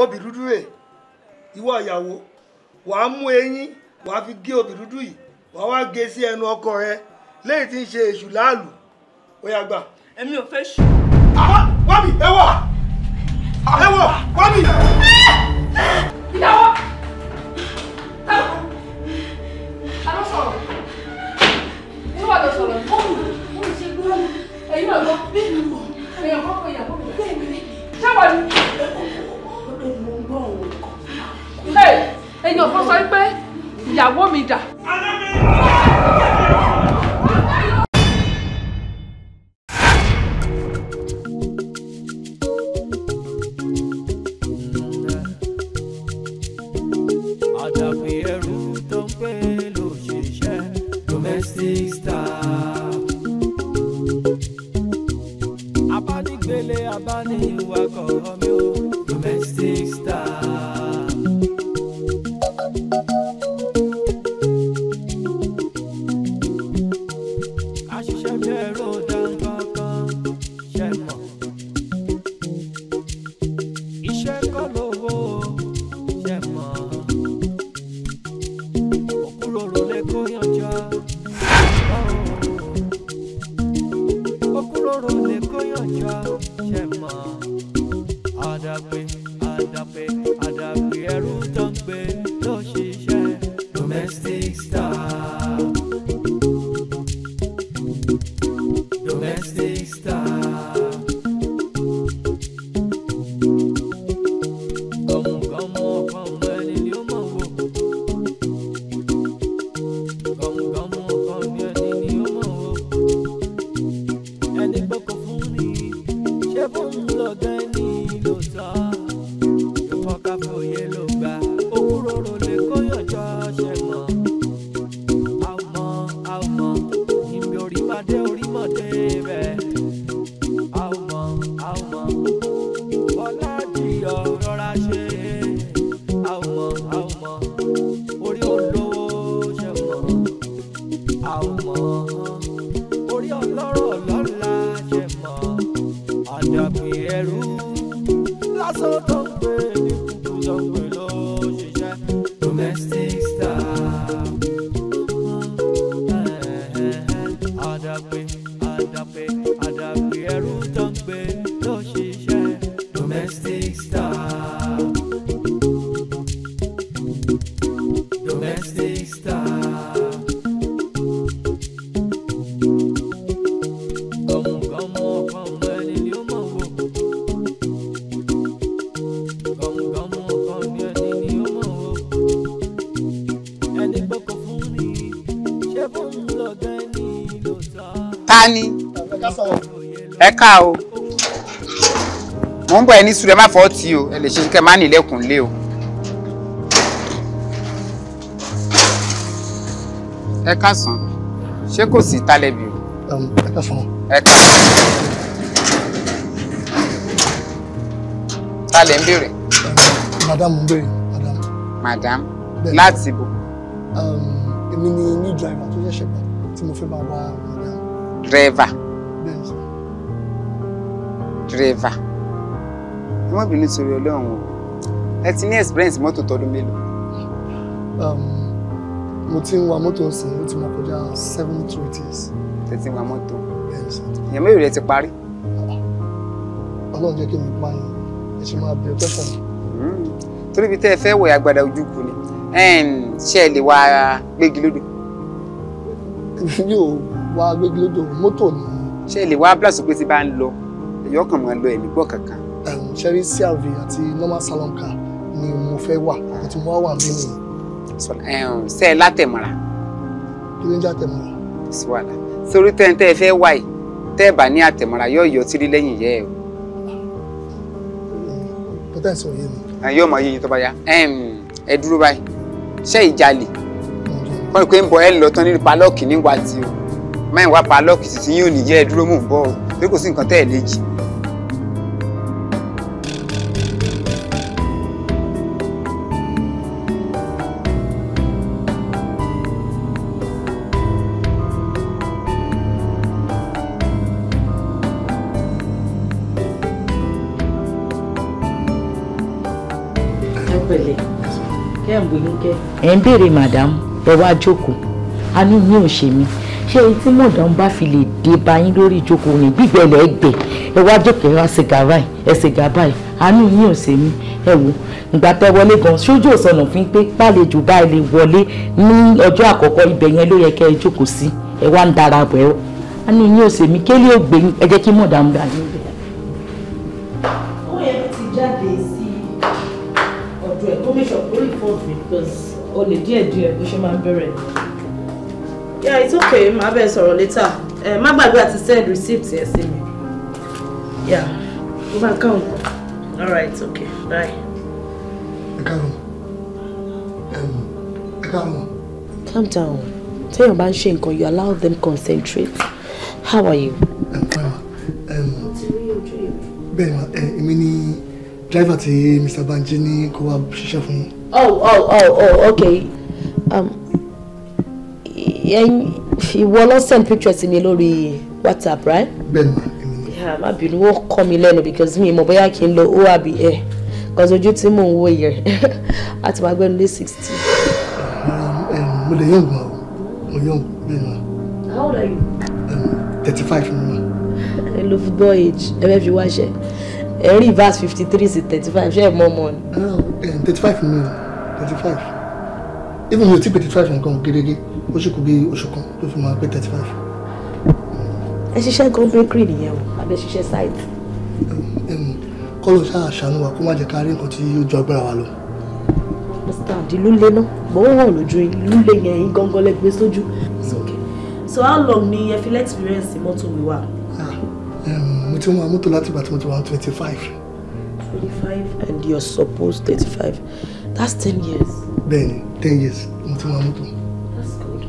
obì dúdú rè ìwọ ìyàwó wàá mú eyín wàá fi gé obì dúdú yìí wàá wá gé sí ẹnu ọkọ rẹ léyìí tí ń ṣe èṣù láàlú ó yá gbà. èmi ò fẹ́ ṣù. wábì ẹ wọ ẹ wọ wábì. ìyàwó ta ló sọ̀rọ̀ inú wa ló sọ̀rọ̀ ó ń ṣe gbọ́dọ̀ ẹ̀yin náà lọ bí èèyàn kọ́kọ́ ìyàwó mi bẹ́ẹ̀ ni ṣé wàá ní. ẹ̀yin ò fọ́ sọ pé ìyàwó mi dà. ẹ ní sùúrù ẹ má fọ́ tì o ẹ lè ṣe kẹ má nílẹ̀kùn lé o. ẹ káàsán ṣé kò sí tálẹ́bì o. Um, ẹ káàsán. ẹ káàsán. ta lẹ ń béèrè. madam ń béèrè madam. madam láti bo. Um, èmi ni new driver tó ṣẹ̀ṣẹ̀ gbà tí mo fẹ́ máa wá madam. driver. driver ẹ má bínú sórí ọlọ́run o ẹ ti ní experience mọ́tò tọdún mélòó. Um, mo ti ń wa mọ́tò sí i ó ti mọ kọjá seven to eight years. ẹ ti ń wa mọ́tò ìyẹn mẹ́rin rẹ ti parí. ọlọ́run jẹ́ kí mi pa yín ẹ ṣe máa bẹ̀rẹ̀ pẹ́fọ̀n. Hmm. torí ibi tẹ́ ẹ fẹ́ wẹ̀ agbada ojú kù ni ṣé ẹ lè wá gbégi lódò. yóò wá gbégi lódò mọ́tò ni. ṣé ẹ lè wá blásùpé tí bá ń lọ èyí ọkàn máa lọ ẹ̀mí gbọ́ kankan ṣẹ́rí CRV àti normal salon car ni mo fẹ́ wà mo ti mú wá wà mí nìyẹn. ṣe é látẹ̀mọ́ra. kí ló ń jẹ́ àtẹ̀mọ́ra. sí wàhálà sórí tẹ́ńtẹ́ ẹ fẹ́ wà yìí tẹ́ ẹ bá ní àtẹ̀mọ́ra yóò yọ tírí lẹ́yìn yẹ ẹ o. pẹ́tẹ́ sọ yé mi. Ah, yóò mọ yíyin tó bá yá um, ẹ dúró báyìí ṣé ìjàlè wọ́n ní pé ń bọ ẹ lọ tán nínú palọ́ọ̀kì nígbà tí o máa wá palọ́ọ̀kì títí yóò nìyẹ́ ẹ dúró mò ń bọ̀ o pé kò sí nǹkan tẹ́ ẹ lè jì. ẹ̀ ń béèrè madam ẹ wá jókòó àánú mi ò ṣe mí ṣé èyí tí madam bá fi lè dé bá yín lórí ìjókòó ní gbígbẹ̀lẹ̀ ẹgbẹ̀ ẹ wá jókòó ẹ wá sìgá báyìí ẹ sìgá báyìí àánú mi ò ṣe mí ẹ wò ìgbà tẹ wọlé gan sójú òsànà fún pé gbàlejò báyìí lè wọlé ní ọjọ́ àkọ́kọ́ ibẹ̀ yẹn ló yẹ kẹ́ ẹ jókòó sí ẹ wá ń darapọ̀ ẹ àánú mi ò ṣe mí kélé ògbé ẹ jẹ́ kí madam bá yín because o lè díẹ̀ díẹ̀ bó ṣe máa bẹ̀rẹ̀. yeah it's okay màá bẹ̀ sọ̀rọ̀ later ẹ má gbàgbé àti send receipt yẹn sí mi yeah mo bá kàn all right okay bye. ẹ káàárọ̀ ẹ káàárọ̀. calm down Tell your man ṣe you allow them concentrate how are you. bẹ́ẹ̀ ma èmi ni driver ti Mr. Banji ní kó wá ṣiṣẹ́ fún un oh oh oh oh okay Um, ìwọ ló send pictures mi lórí whatsapp right. bẹ́ẹ̀ni èmi. má bínú ó kọ́ mi lẹ́nu because mi mọ̀ bóyá kí n lo oab air because eh, ojú tí mò ń wò yẹ àti wàá gbẹ́nu lé sixty. Um, um, mo lè yọ̀ǹgbà o mo yọ̀ǹgbà bẹ́ẹ̀ ni. how old are you. Um, thirty five ni mo. ẹ lo football age ẹ bẹ́ẹ̀ fi wá ẹ rí verse fifty three sí thirty five ṣe é mọ́ mọ́ ni. Ah, thirty five ni mo twenty five even mi ò tí pé thirty five nǹkan gẹ́gẹ́ ó ṣe kù bí oṣù kan tó fi máa pé thirty five. ẹ go gan bakery nìyẹn o àbẹ ṣiṣẹ́ site. kọ́lọ̀ ṣáà ṣàánú wa kó má jẹ́ ká rí nǹkan tí ó ju agbára wa lọ. understand ìlú lé náà bọ́wọ́ hàn lójú ìlú lé yẹn yín gangan lẹ gbé sójú. so how long ni ẹ fi experience mọ́tò mi wà. Ah, mo ti ń wa mọ́tò láti ìgbà tí mo ti wà twenty five. twenty five and you're supposed thirty five that's ten years. bẹ́ẹ̀ni ten years mo ti wá that's good.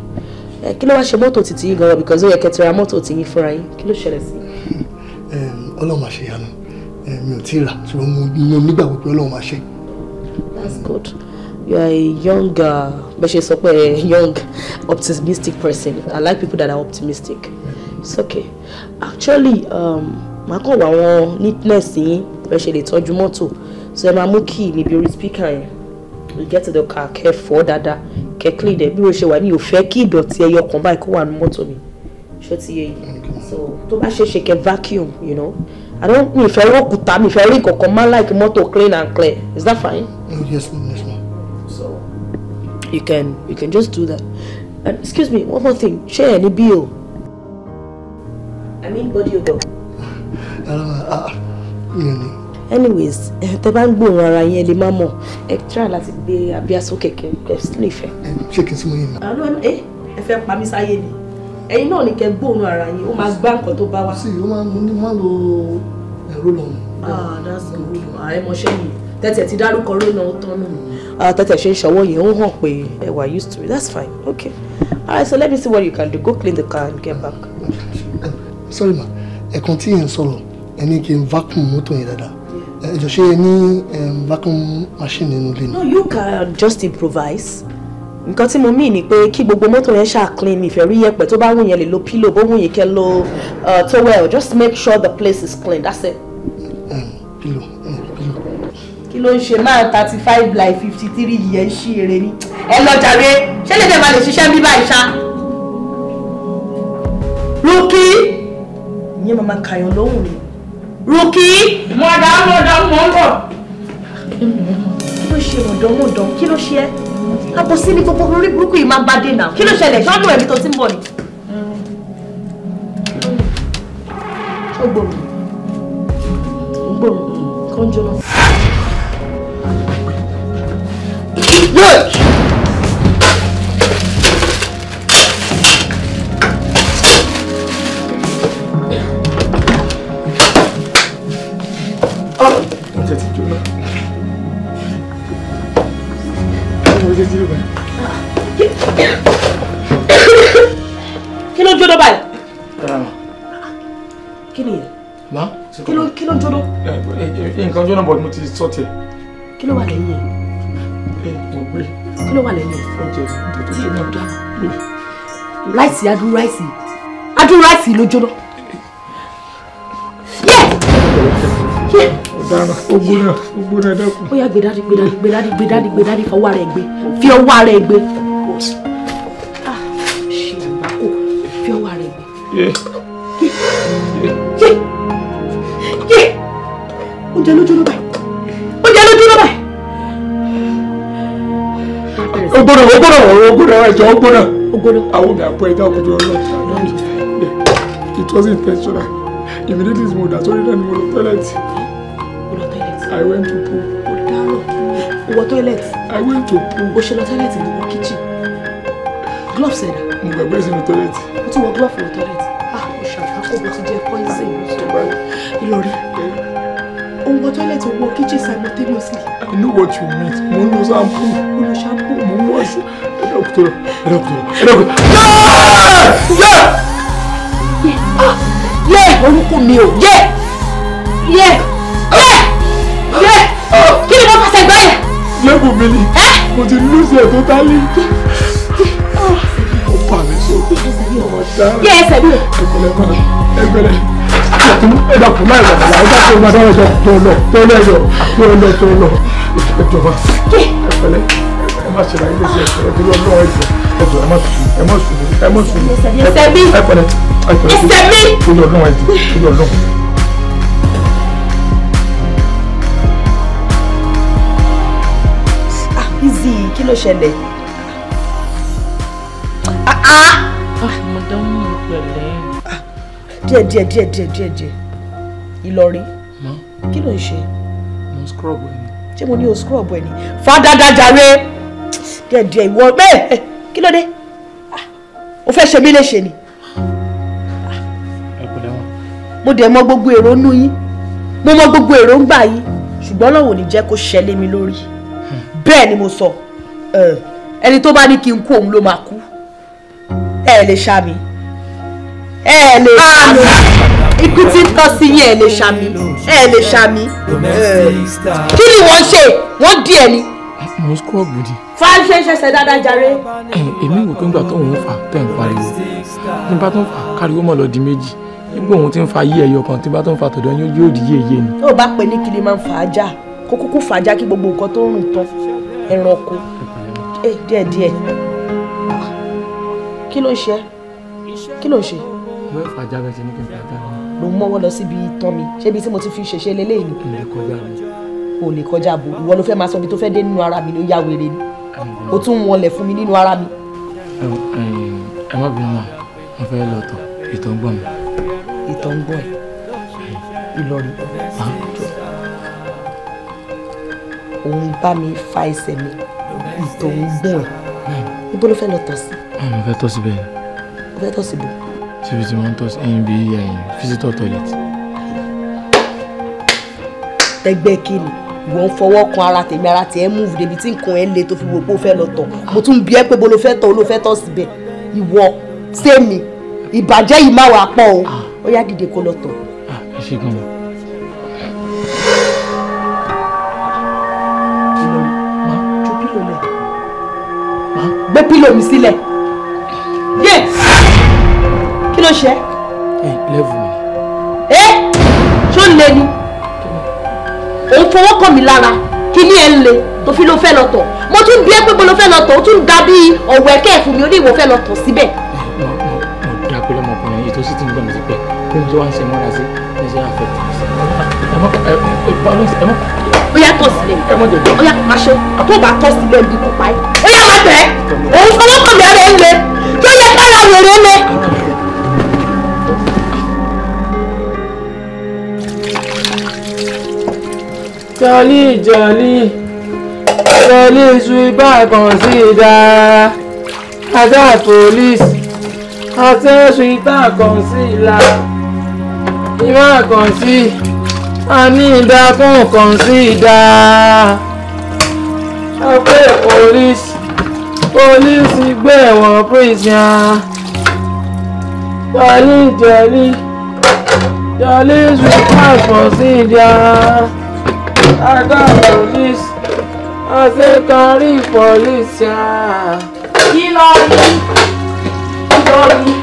ẹ kí ló wá ṣe mọ́tò títí yín gan because ó yẹ kẹtìrà mọ́tò tí yín fúnra yín kí ló ṣẹlẹ̀ sí. ọlọ́run máa ṣe yanu mi ò tí ì rà ṣùgbọ́n mo nígbàgbọ́ pé ọlọ́run máa ṣe. that's good you are a young uh, bẹ́ẹ̀ ṣe sọ young optimistic person i like people that are optimistic it's okay actually um, kàn wá wọn neatness yín bẹ́ẹ̀ a lè tọ́jú mọ́tò so I'm a mú key níbi orí speaker get the car kẹ́ fọ̀ dáadáa kẹ́ clean ẹ̀ bí mo ṣe wà ní òfẹ́ kí ìdọ̀tí ẹyọ kan báyìí kó wà ní mọ́tò mi ṣé ti yẹ yìí so tó bá ṣe ṣe kẹ́ vacuum you know i don't mi fẹ́ rí òkúta mi fẹ́ rí kankan má like mọ́tò clean and clear is that fine. Oh, yes ma'am yes so you can you can just do that and excuse me one more thing ṣé ẹ ní bill i mean body odor. ẹ ẹ mi ò ní anyways tẹ bá ń gbòòrùn ara yẹn lè má mọ̀ ẹ tíra láti gbé abíyá sókè kẹ ẹ lè fẹ́. ṣé kí n súnmọ́ yín ni. àlọ́ ẹ ẹ fẹ́ pa mí sáyé ni ẹ̀yin náà ni kẹ gbòòrùn ara yín ó máa gbá nǹkan tó bá wá. sí ó máa ń máa lo ẹ̀rọ lọ́nà. ah that's good ààrẹ mọṣẹ́ yìí tẹ̀tẹ̀ ti dárúkọ rónà ó tọ́nù. Ah, tẹ̀tẹ̀ ṣe ń ṣọwọ́ yẹn ó hàn pé ẹ wà used to it that's fine okay All right. so let me see what you can do go clean the car and get back. sorry ma ẹ̀kan tí yẹn ń sọ̀rọ̀ ẹni kí n vacuum mọ́tò yẹn dáadáa ẹjọ ṣe ní vacuum machine nínú ilé ni. no you can just improvise nǹkan tí mo mí ni pé kí gbogbo mọ́tò yẹn ṣáà clean mi ìfẹ́ rí yẹpẹ̀ tó bá wù yẹn lè lo pillow bó wù yẹn kẹ́ lo uh, towel just make sure the place is clean that's it. pillow pillow. kí ló ń ṣe máa thirty five like fifty three yẹn ṣí eré ni ẹ lọ jàre ṣé lè dẹ̀ máa lè ṣiṣẹ́ bíbá ìṣá. lókì ìyẹn màmá kàyàn lóhùn ni. Ruki, Mọ̀dà mọ̀dà mọ̀ ń bọ̀. Kí ló ṣe mọ̀dọ̀mọ̀dọ̀? Kí ló ṣe ẹ́? Àbọ̀sí ni gbogbo orí burúkú yìí máa bá dé náà. Kí ló ṣẹlẹ̀? nǹkan jọ́nà bọ̀ ni mo ti sọ tiẹ̀. kí ló wà lẹ́yìn ẹ̀. ẹ mo gbé. kí ló wà lẹ́yìn ẹ̀. oúnjẹ tètè tó náà dá. ráìsì adú ráìsì adú ló jóná. ọ̀daràn ó gbóná ó gbóná dákun. ó yá gbé dáadé gbé dáadé gbé fọwọ́ ara gbé fi ọwọ́ ara ẹ̀ gbé. ṣe ah, àgbákò fi ọwọ́ ara ẹ̀ gbé oúnjẹ lójú ló báyìí oúnjẹ lójú ló báyìí. ó gbọ́dọ̀ ó gbọ́dọ̀ ó gbọ́dọ̀ ẹ̀jọ̀ ó gbọ́dọ̀ àwọn ọmọ àpò ẹ̀dá ọkùnrin ọlọ́run it was intentional immediately mo dà sórí náà ni mo lọ toilet I went to poo. ó dárò wọ toilet. I went to poo. ó ṣe lọ toilet ní wọ kitchen gloves ẹ̀dá. mo gbàgbé sínú toilet. ó tún wọ glove wọ toilet. ah ó ṣàfihàn kó bó ti jẹ poison. ìlọrí òun wọ tọ́lẹ̀tì òun wọ kíchìn simultaneously. I know what you mean mo ń lo shampoo mo ń lo shampoo mo ń wọ́ọ̀ṣù ẹ̀rọ kùtùrọ̀ ẹ̀rọ kùtùrọ̀ ẹ̀rọ kùtùrọ̀. yẹ yẹ orúkọ mi o yẹ yẹ yẹ yẹ kí ni mo fẹsẹ̀ gbá yẹ. lẹ́bù mi ni mo lose your totally. ó pa mi sókè ọmọ dára ẹgbẹ̀rẹ̀ ẹgbẹ̀rẹ̀ àtúntò ẹ̀dá kù láì lọ ẹ̀dá tó máa dáwọ́ ẹ̀dá tó lọ tó lọ ẹ̀dọ̀ tó lọ tó lọ ìjọba ẹ̀fẹ̀lẹ́ ẹ̀ má ṣe láyé lẹ́sẹ̀ ẹ̀fẹ̀lẹ́ tó lọ lọ́wọ́ ẹ̀fẹ̀ ẹ̀fẹ̀ ẹ̀ má sùn ẹ̀ má sùn ẹ̀ má sùn ẹ̀fẹ̀lẹ́ ẹ̀fẹ̀lẹ́ tó lọ lọ́wọ́ ẹ̀fẹ̀ tó lọ lọ́wọ́. Izzy kí ló ṣẹlẹ̀? Mo dáhùn pẹ̀lẹ́ díẹ̀ díẹ̀ díẹ̀ díẹ̀ díẹ̀ díẹ̀ ìlọrí kí ló ń ṣe. mo ń scrub ẹ ni. ṣé mo ní o scrub ẹ ni fadada jàre díẹ̀ díẹ̀ ìwọ bẹ́ẹ̀ eh, kí ló dé ah, o fẹ́ ṣe mí léṣe ni. ẹ pẹ̀lẹ́ wọn. mo dẹ̀ mọ gbogbo èrò nú yín mo mọ gbogbo èròǹgbà yín ṣùgbọ́n Ọlọ́run ò ní jẹ́ kó ṣẹlẹ̀ mi lórí bẹ́ẹ̀ ni mo sọ eh, ẹni tó bá ní kí n kú òun ló máa kú ẹ lè ṣá mi ẹ lè ah, ṣàmì ikú tí ń tọ́ sí yín ẹ lè ṣàmì ẹ lè ṣàmì kí ni wọ́n ṣe wọ́n di ẹ̀ ni. mo squad budi. fáṣẹ ṣẹṣẹ dáadáa jàre. èmi wò pé ńgbà tó ń fà tẹ̀ ń pariwo ní bá tó ń fà káriwo mọ̀ lọ di méjì nígbà òun ti ń fa yí ẹyọ kan tí bá tó ń fa tọ̀dọ̀ yín yóò di yéye ni. tó o bá pè ní kí ni máa ń fa ajá kó kúkú fa ajá kí gbogbo nǹkan tó ń rùn tán ẹranko díẹ̀díẹ̀ eh, kí ló ń ṣe kí ló ń ṣe wọ́n fà jábẹ́ sí ní kí n fà jábẹ́. ló ń mọ́wọ́ lọ síbi tán mi ṣé ibi tí mo ti fi ṣèṣe lélẹ́yìn ni. ilé kọjá mi. o lè kọjá bo ìwọ ló fẹ́ máa sọ ibi tó fẹ́ dé nínú ara mi ló yá wèrè ni o tún ń wọlẹ̀ fún mi nínú ara mi. ẹ má bínú náà mo fẹ́ lọ tọ̀ ìtọ̀ ń gbọ̀ mi. ìtọ̀ ń gbọ̀ ẹ̀ Ìlọrin òun bá mi fa ẹsẹ̀ mi ìtọ̀ ń gbọ̀ ẹ̀ níbo ló fẹ́ lọ tọ̀ sí. mo fẹ́ tọ̀ síbẹ̀. mo fẹ́ tọ̀ síbẹ̀ tí fi ti mọ́ tọ́ sí bí físítọ̀ toilet. ẹgbẹ́ kí ni ìwọ ń fọwọ́ kan ara tèmi ara tèmi múùfù débi tí nǹkan ẹ̀ ń le tó fi wò pé ó fẹ́ lọ tọ̀ mo tún bí ẹ pé bó ló fẹ́ tọ̀ ó ló fẹ́ tọ̀ síbẹ̀ ìwọ sẹ́mi ìbàjẹ́ yìí má wàá pọ̀ o ah. ó yá dìde kó lọ tọ̀. Ah, ẹ ṣe gan ma. gbé pílò mi sílẹ̀. yes ló ṣe. ẹ lẹ́wù mi. ẹ ṣó le ni òun fọwọ́ kàn mí lára kí ni ẹ ń le tó fi ló fẹ́ lọ tọ̀ mo tún bí ẹ pé mo lọ fẹ́ lọ tọ̀ ó tún ga bí E ẹ̀kẹ́ ẹ̀fún mi ó ní ìwọ fẹ́ lọ tọ̀ síbẹ̀. mo mo dá pé lọmọkùnrin yìí tó sì ti ń gbọ́n mi sí pẹ́ bí mo tó wá ń ṣe mọ́ra sí ní ṣe àfẹ́ tó ṣe. ẹ mọ ẹ ẹ mọ. ó yá tọ̀ sílẹ̀ ẹ mọ jẹjẹ ó yá máa ṣe tó bá tọ̀ sílẹ̀ bí kò pa ẹ́ ó yá máa tẹ̀ ẹ́ òun fọwọ́ kàn mí Jolly, jolly, jolly, sweet by consider. Ada police, I tell sweet by consider. You are consider. I need that one consider. Ọpẹ́ police, police gbé wọn prison. Jolly, jolly, jolly, sweet by consider. I police. I say carry police ya. Kí ló rí? Kí ló rí?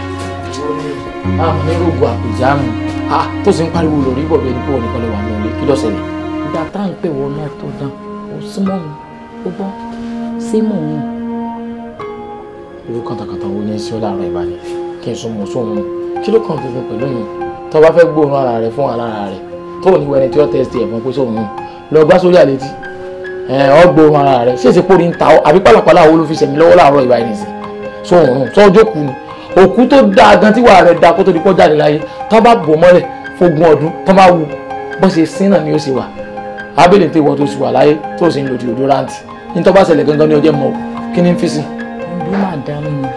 Àwọn onírògùn ah, àpèjá mi. Ah, tó sì ń pariwo lọ rí bọ̀bẹ̀ ní pọ̀ nìkan lè wà ní ilé. Kí ló ṣẹlẹ̀? Ìgbà tá à ń pè wọ́n náà tó dán. Ó súnmọ́ mi. Ó gbọ́. Ṣé mò ń rìn? Irú kàtàkàtà wo ni sí ó láàárọ̀ ìbàdàn? Kí n sún mọ̀ sóhun. Kí ló kàn tuntun pẹ̀lú yìí? Tó fẹ́ gbóòórùn ara rẹ̀ fún ara rẹ̀. Tó ní wẹ́ni tí ó tẹ̀sí ẹ̀fọn pé sóhun lọ bá sórí àlétí ọgbọ ohun ara rẹ ṣèṣe pórí ń ta ọ àbí pàlàpàlà wo ló fi ṣẹ̀mí lọ́wọ́ láàárọ̀ ìwà ẹni sìn so sọ ọjọ́ kù ni òkú tó dáa gan tí wàá rẹ da kó tó di pọ́ jáde láyé tó bá bò mọ́lẹ̀ fógun ọdún tó bá wù bó ṣe sín náà ni ó ṣe wà abẹ́lẹ̀ tí ìwọ tó ṣì wà láyé tó sì ń lo deodorant ní tó bá ṣẹlẹ̀ gangan ní ọjọ́ mọ́ kí ni fi sí. ìlú màdàmú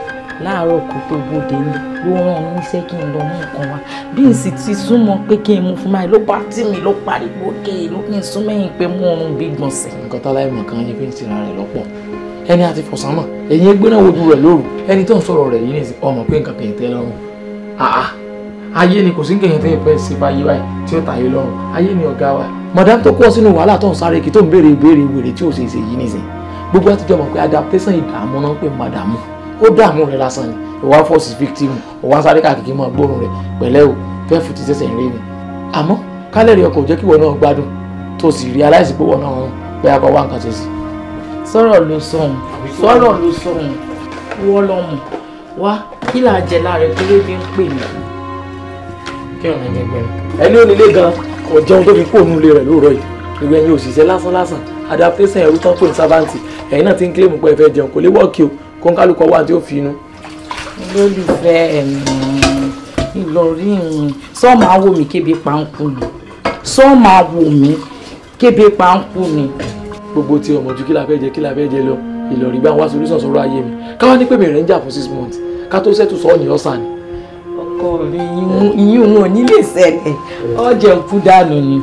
láàárọ̀ kó tó bóde ńlẹ̀ ló rán mi níṣẹ́ kí n lọ mú nǹkan wá bí n sì ti súnmọ́ pé kí n mú fún báyìí ló bá tì mí ló pariwo kí n ló kí n sún mẹ́yìn pé mú ọrùn bí gbọ̀nsẹ̀. nǹkan tá láì mọ̀ kan yín fi ń tira rẹ̀ lọ́pọ̀ ẹni àti fọ̀sánmọ̀ ẹ̀yin ẹgbẹ́ náà wojú rẹ̀ lóru ẹni tó ń sọ̀rọ̀ rẹ̀ yìí nìsí ọmọ pé nǹkan kẹ̀yìn tẹ́ lọ́rùn àá ayé ni kò sí kẹ̀yìn tẹ́ ìfẹ́ sí fàyè báyìí tí ó tàyè lọ́rùn ayé ni ọ̀gá wa madam tó kọ́ sínú wàhálà tó ń sáré kí tó ń béèrè ìbéèrè ìwèrè tí ò ṣe é ṣe yìí nìsín gbogbo àtijọ́ mọ̀ pé adaptation ìdààmú náà pé madam ó dààmú rẹ̀ lásán ni ìwà fọ́ọ̀sì victim ọ̀wá sáré káàkiri mọ́ gbóòórùn rẹ̀ pẹ̀lẹ́ o twelve fifty sẹ́sẹ̀ ń rí mi àmọ́ kálẹ̀ rí ọkọ̀ jẹ́ kí ìwọ náà gbádùn tó sì realize pé ìwọ náà pé akọ wá nǹkan ṣe sí. sọ̀rọ̀ ló sọ̀hún sọ̀rọ̀ ló sọ̀hún wọ́ lọ́mù wá kí là á jẹ láàrẹ tó lé bí ń pè mí. kí ọ̀nà ẹ̀jẹ̀ gbẹ̀rẹ̀ ẹni ò nílé gan kò jẹun tó fi kó lé rẹ̀ lóòrọ̀ yìí ìwé ẹ̀yin òṣìṣẹ́ lásán lásán adaptation ẹ̀rú tán pè ní ẹ̀yin náà ti ń kílèmù pé ẹ fẹ́ jẹun kò lè wọ́ọ̀kì o kọ́ńkálùkọ́ wà tí ó fi inú. olólùfẹ́ mi Ìlọrin mi sọ́ọ́ máa wò mí kébi pankú ni sọ́ọ́ máa wò mí kébi pankú ni. gbogbo tí ọmọ ju kí la fẹ́ jẹ kí la fẹ́ jẹ lọ Ìlọrin bá wá solution sọ̀rọ̀ ayé mi káwá ní pé mi rẹ̀ ń jà fún six months ká tó sẹ́tù sọ́ọ́ ní ọ̀sán ni ọkọ mi ìyún wọn ò ní lè ṣẹlẹ̀ ọ̀jẹ̀ ń kú dànù ni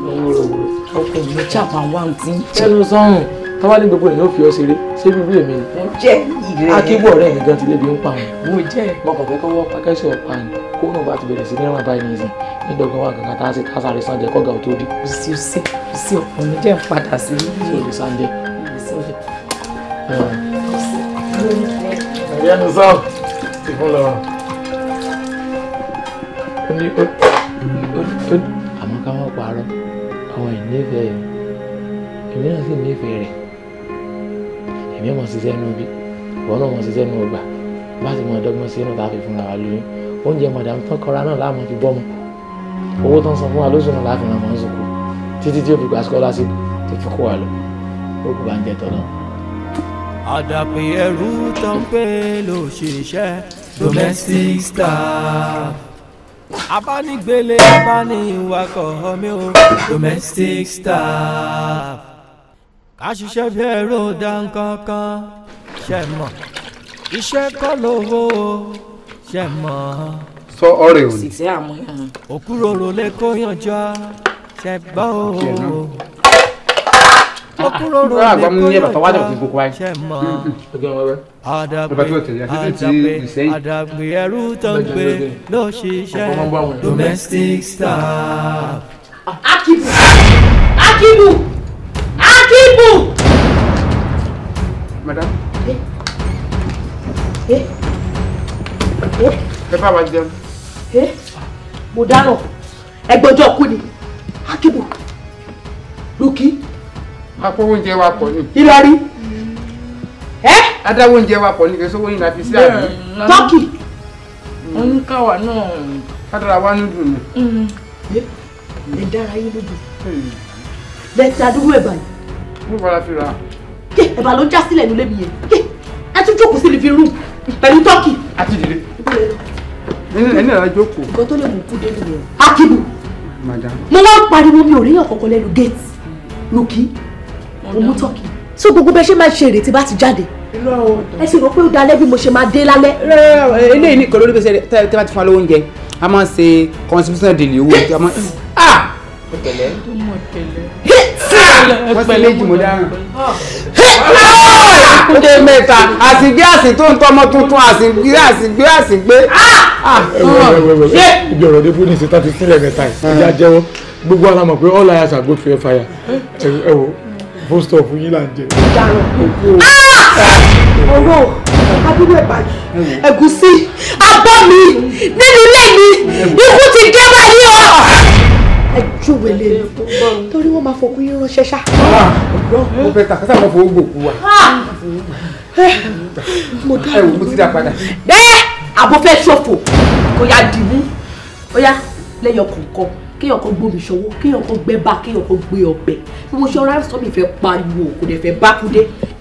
ọkọ mi chapa wá ń ti ń tọ́wálé gbogbo èèyàn ó fi ọ́ ṣeré ṣébi bí èmi ni. mo jẹ́ ìrẹ́. akébọ̀ ọ̀rẹ́ mi gan ti débi ń pa wọn. mo jẹ́. mo kàn fẹ́ kọ́ wọ́ pákẹ́sì ọ̀pá ni kó náà bá ti bẹ̀rẹ̀ sí ní ràn báyìí ní ìsìn ní dọ́gbọ́n wa kankan tá a ṣe tá a sáré sànjẹ́ kọ́gà ò tó dé. kò sí ọ̀sẹ̀ kò sí ọ̀pọ̀ mi jẹ́ padà sí. sí olè sànjẹ́. ẹ̀yẹ́ mi àmọ́ ká má parọ́ àwọn ìnífẹ̀ẹ́ èmi náà sì nífẹ̀ẹ́ rẹ̀ èmi ọmọ ṣiṣẹ́ nínú bí ìwọ náà mọ ṣiṣẹ́ nínú ọgbà bá sì mọ ọdọ́gbọ́n sí inú tàbí fúnra wa lóyún oúnjẹ mọ̀dà ń tán kọra náà láàmú fi bọ́mọ owó tó ń san fún wa lóṣù náà láàfin àwọn ṣùkú títí tí ó fi gba scholarship tó fi kó wa lọ ó kò bá ń jẹ tọ́lọ́. àdàpè ẹrú tán pé lòṣìṣẹ́ domestic star. abánigbélé abániwakọ̀ mi ò domestic star ká ṣiṣẹ́ bí ẹrú dankankan ṣe mọ̀ iṣẹ́ kọ́ lówó ṣe mọ̀. sọ ọ̀rẹ́ òní. sìṣẹ́ àmúyàn. òkúròrò lè kó yànjọ ṣe gbọ́ o. òkúròrò lè kó yànjọ ṣe mọ̀. àdàgbé àdàgbé ẹrú tó ń gbé ló ṣiṣẹ́ domestic star. akibu akibu people! Madam. Eh? Eh? Eh? Ẹ bá wa jẹun. Eh? Mo dáràn. Ẹgbọ́njọ́ kú ni. Akíbo. Lókì. Apọ́ oúnjẹ wa pọ̀ ni. Ìlọrí. Ẹ́. Eh? Adáwọ̀ oúnjẹ wa pọ̀ ni kì í sówó yìí láti sí àná. Tọ́kì. Oníkàwá mm. náà. Kádàrá wa ní dùn ni. Mm. Eh? Ẹ dára yín lójú. Hmm. Lẹ́tà dúró ẹ̀ báyìí mo bára fi ra. ké ẹ̀bà ló já sílẹ̀ nílé mi yẹn ké ẹ tún jókòó sí living room pẹ̀lú tọ́kì. àti ìdílé ẹni ẹ̀rọ jókòó. nǹkan tó lè mú kú délé yẹn. akíbu mo wá ń pariwo mi ò ríyàn kankan lẹ́nu gate lókì mo mú tọ́kì so gbogbo bẹ ṣe máa ṣe èrè tí bá ti jáde ẹ sì rò pé ó dalẹ́ bí mo ṣe máa dé lálẹ́. eléyìí ní ìkọlórí pé tẹ́ bá ti a máa ah ọ̀tẹ̀lẹ̀. tó méjì mo dáràn. Kúndé mẹ́ta àsìgbé àsì tó ń tọmọ tuntun àsìgbé àsìgbé àsìgbé. Ṣé ibi ọ̀rọ̀ dé fúnni síta ti sílẹ̀ mẹ́ta yìí? Ìyá jẹ́wọ́ gbogbo ara mọ̀ pé all eyes are good for your fire. Ẹ wo full stop yín là ń jẹ. Owó abúlé ìbàdí ẹ̀gúsí abọ́ mi nínú ilé mi ikú ti dé báyìí o torí wọ́n máa fọkún yín ránṣẹ́ ṣá. ó ah, bẹ ta kásá mọ fowó gbòkú wa. Ah! mo dá mo ti dá padà. bẹ́ẹ̀ àbò fẹ́ ṣòfò kò yá dìbú ó yá lẹ́yìn ọkọ̀ọ̀kan kéèyàn kan gbómi ṣọwọ́ kéèyàn kan gbẹ́ bá kéèyàn kan gbé ọbẹ̀ mo ṣe ọ̀rá sọ mi fẹ́ pariwo kò dẹ̀ fẹ́ bá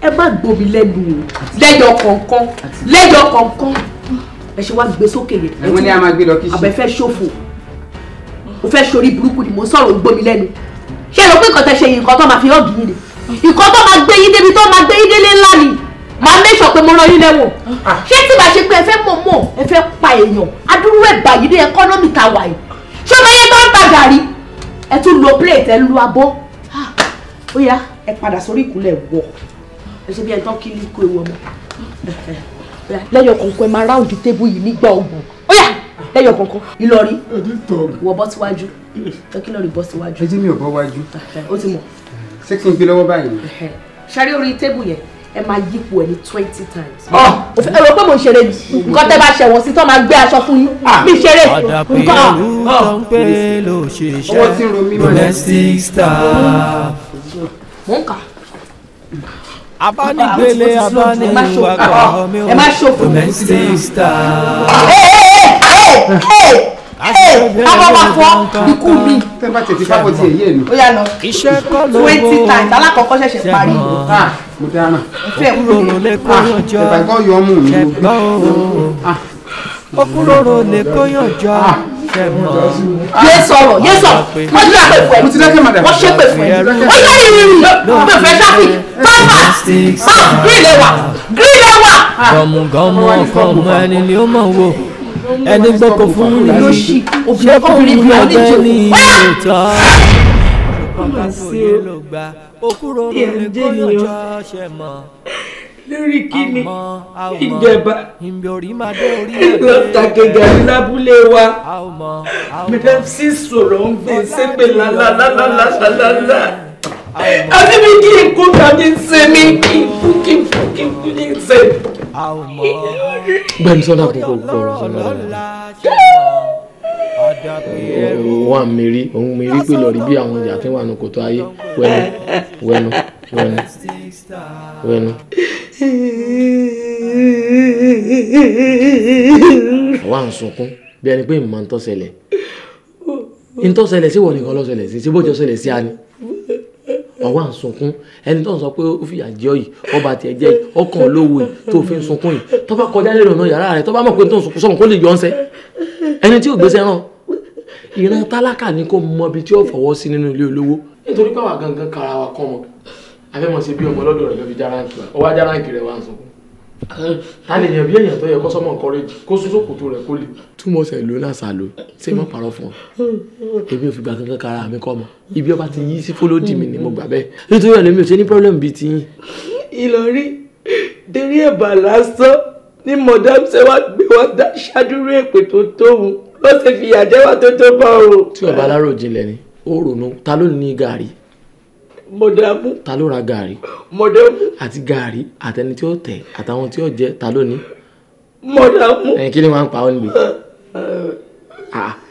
ẹ má gbómi lẹ́nu o lẹ́yìn ọkọ̀ọ̀kan lẹ́yìn ọkọ̀ọ̀kan ẹ ṣe wá gbé sókè yẹn. ẹ̀wọ̀n ni a máa gbé lọ kí ṣe. àbẹ̀fẹ́ ṣòfò o fẹ́ sori burúkú ni mo sọ̀rọ̀ gbómi lẹ́nu ṣé ló pé nǹkan tẹ ṣe yìí nǹkan tó máa fi hàn bí yín ni nǹkan tó máa gbé yín débi tó máa gbé yín délé ńlá ni màá mẹ́sọ̀ pé mo rán yín lẹ́wọ̀n ah. ṣé tí bá ṣe pé ẹ fẹ́ mọ̀ mọ̀ ẹ fẹ́ pa èèyàn adúrú ẹ̀ bàyí ní ẹkọ́nọ́mì ta wà yìí ṣé ọmọ yẹn tó ń ta gàrí ẹ tún lo plate ẹ lu abọ́ ah, ó yá ẹ padà sórí ìkúnlẹ̀ wọ̀ ẹ ṣe bí ẹ tán kí ní kó ewu ọmọ lẹ́yìn ọkàn kan ẹ máa ráùndì tébù yìí nígbà ọgbọ̀n ó yá lẹ́yọ̀ kankan ìlọrí wọ bọ́ síwájú jẹ́ kí lọ́ọ̀rì bọ́ síwájú. ẹjí mi ò bọ́ wájú. ó ti mọ̀. ṣé kí n gbé lọ́wọ́ báyìí. ṣáré orí tébù yẹn ẹ máa yípo ẹ ní twenty times. òfin ah! ẹ rò pé mo ń ṣeré nǹkan tẹ́ bá ṣẹ̀wọ̀n sí tó máa gbé aṣọ fún yín ah! bí ṣeré nǹkan. ọwọ́ ah! tí ń ro mímọ́ domestic staff. mò ń kà abánigbélé abánìwakọ̀ mi ò domestic staff abọ́bà fọ́ ikú mi. tẹ́ bá tètè fáwọn ti èyí èmi. ó yà lọ twenty times alákọ̀ọ́kọ́ ṣẹ̀ṣẹ̀ parí. Ah, mo dáná. ìfẹ́ Ah, mi. ìgbà ìgbọ́ yọ ọmú mi. okúròrò lè kóyàn jọ yé sọ̀rọ̀ yé sọ̀rọ̀ wọn ti dàgbé fún ẹ madam wọn ṣépè fún ẹ ó yẹ ìrìn rìn pé fẹ sáfì fáfà báà gírílẹ̀ wà gírílẹ̀ wà. gọmùgọmù ọkọ̀ ọmọ ẹni ni ó mọ̀ wò ẹni gbọ́kọ̀ fún mi ṣé kò ní bí ọgbẹ́ ní ìṣòtọ́. lórí kíni ìjẹba lọ tàgẹ̀gẹ̀ lábúlé wa mẹ́fẹ́ sí ń gbé sẹ́gbẹ̀ lálálálálálá àti mi kí n kú tàbí ṣe mi kí n kú kí n kú kí n kú ní ṣe. gbẹ̀mí sọ́dà kókó gbọ́rọ̀ sọ́dà wà mérí òun mérí pé lọ rí bí àwọn ìjà tí wà nù kòtò ayé wẹnu wẹnu wẹnu wẹnu. àwa ń sunkún bí ẹni pé ìmọ̀ ń tó ṣẹlẹ̀ ń tó ṣẹlẹ̀ sí wọ̀ nìkan ló ṣẹlẹ̀ sí sí bó jọ ṣẹlẹ̀ sí a ni ọwọ́ à ń sunkún ẹni tó ń sọ pé ó fìyà jẹ́ ọ yìí ọba tiẹ̀ jẹ́ yìí ọkàn olówó yìí tó fi ń sunkún yìí tó bá kọjá lẹ́nu ọ̀nà yàrá rẹ̀ tó bá mọ̀ pé tó ń sunkún sọ̀rọ̀ kó lè yọ ọ́nsẹ́ ẹni tí ò gbèsè ràn ìran tálákà ni kò mọ ibi tí ó fọwọ́ sí nínú ilé olówó nítorí pé àwa gangan kara wa kọ́ mọ afẹ́mọ̀ ṣe bí ọmọ lọ́dọ̀ rẹ̀ lọ́ fi járáǹkì wa rẹ̀ wà sunkún ta lè yàn bí èèyàn tó yẹ kó sọmọ encourage kó soso kòtò rẹ kó lè. túmọ̀ sẹ̀ ló náà sàlò ṣé mo parọ́ fún ọ èmi ò fi gbà kankan kára mi kọ́ mọ́ ibi ọba ti yí sí fólódì mi ni mo gbà bẹ́ẹ̀ nítorí ẹ̀ lèmi ò ṣe ní problem bíi tiyín. ìlọrí dérí ẹ̀bà lásán ni madam ṣe wá gbé wá dá ṣáájúrú èpè tó tóun ló ṣe fìyà jẹ́wọ́ tó tó bọ́ o. tí ọba alárò ni ó mọ̀dàmú. ta ló ra gàrí. mọ̀dàmú. àti gàrí àtẹni tí ó tẹ̀ àtàwọn tí ó jẹ ta ló ní. mọ̀dàmú. kí ni wọ́n á pa ọ́ níbi.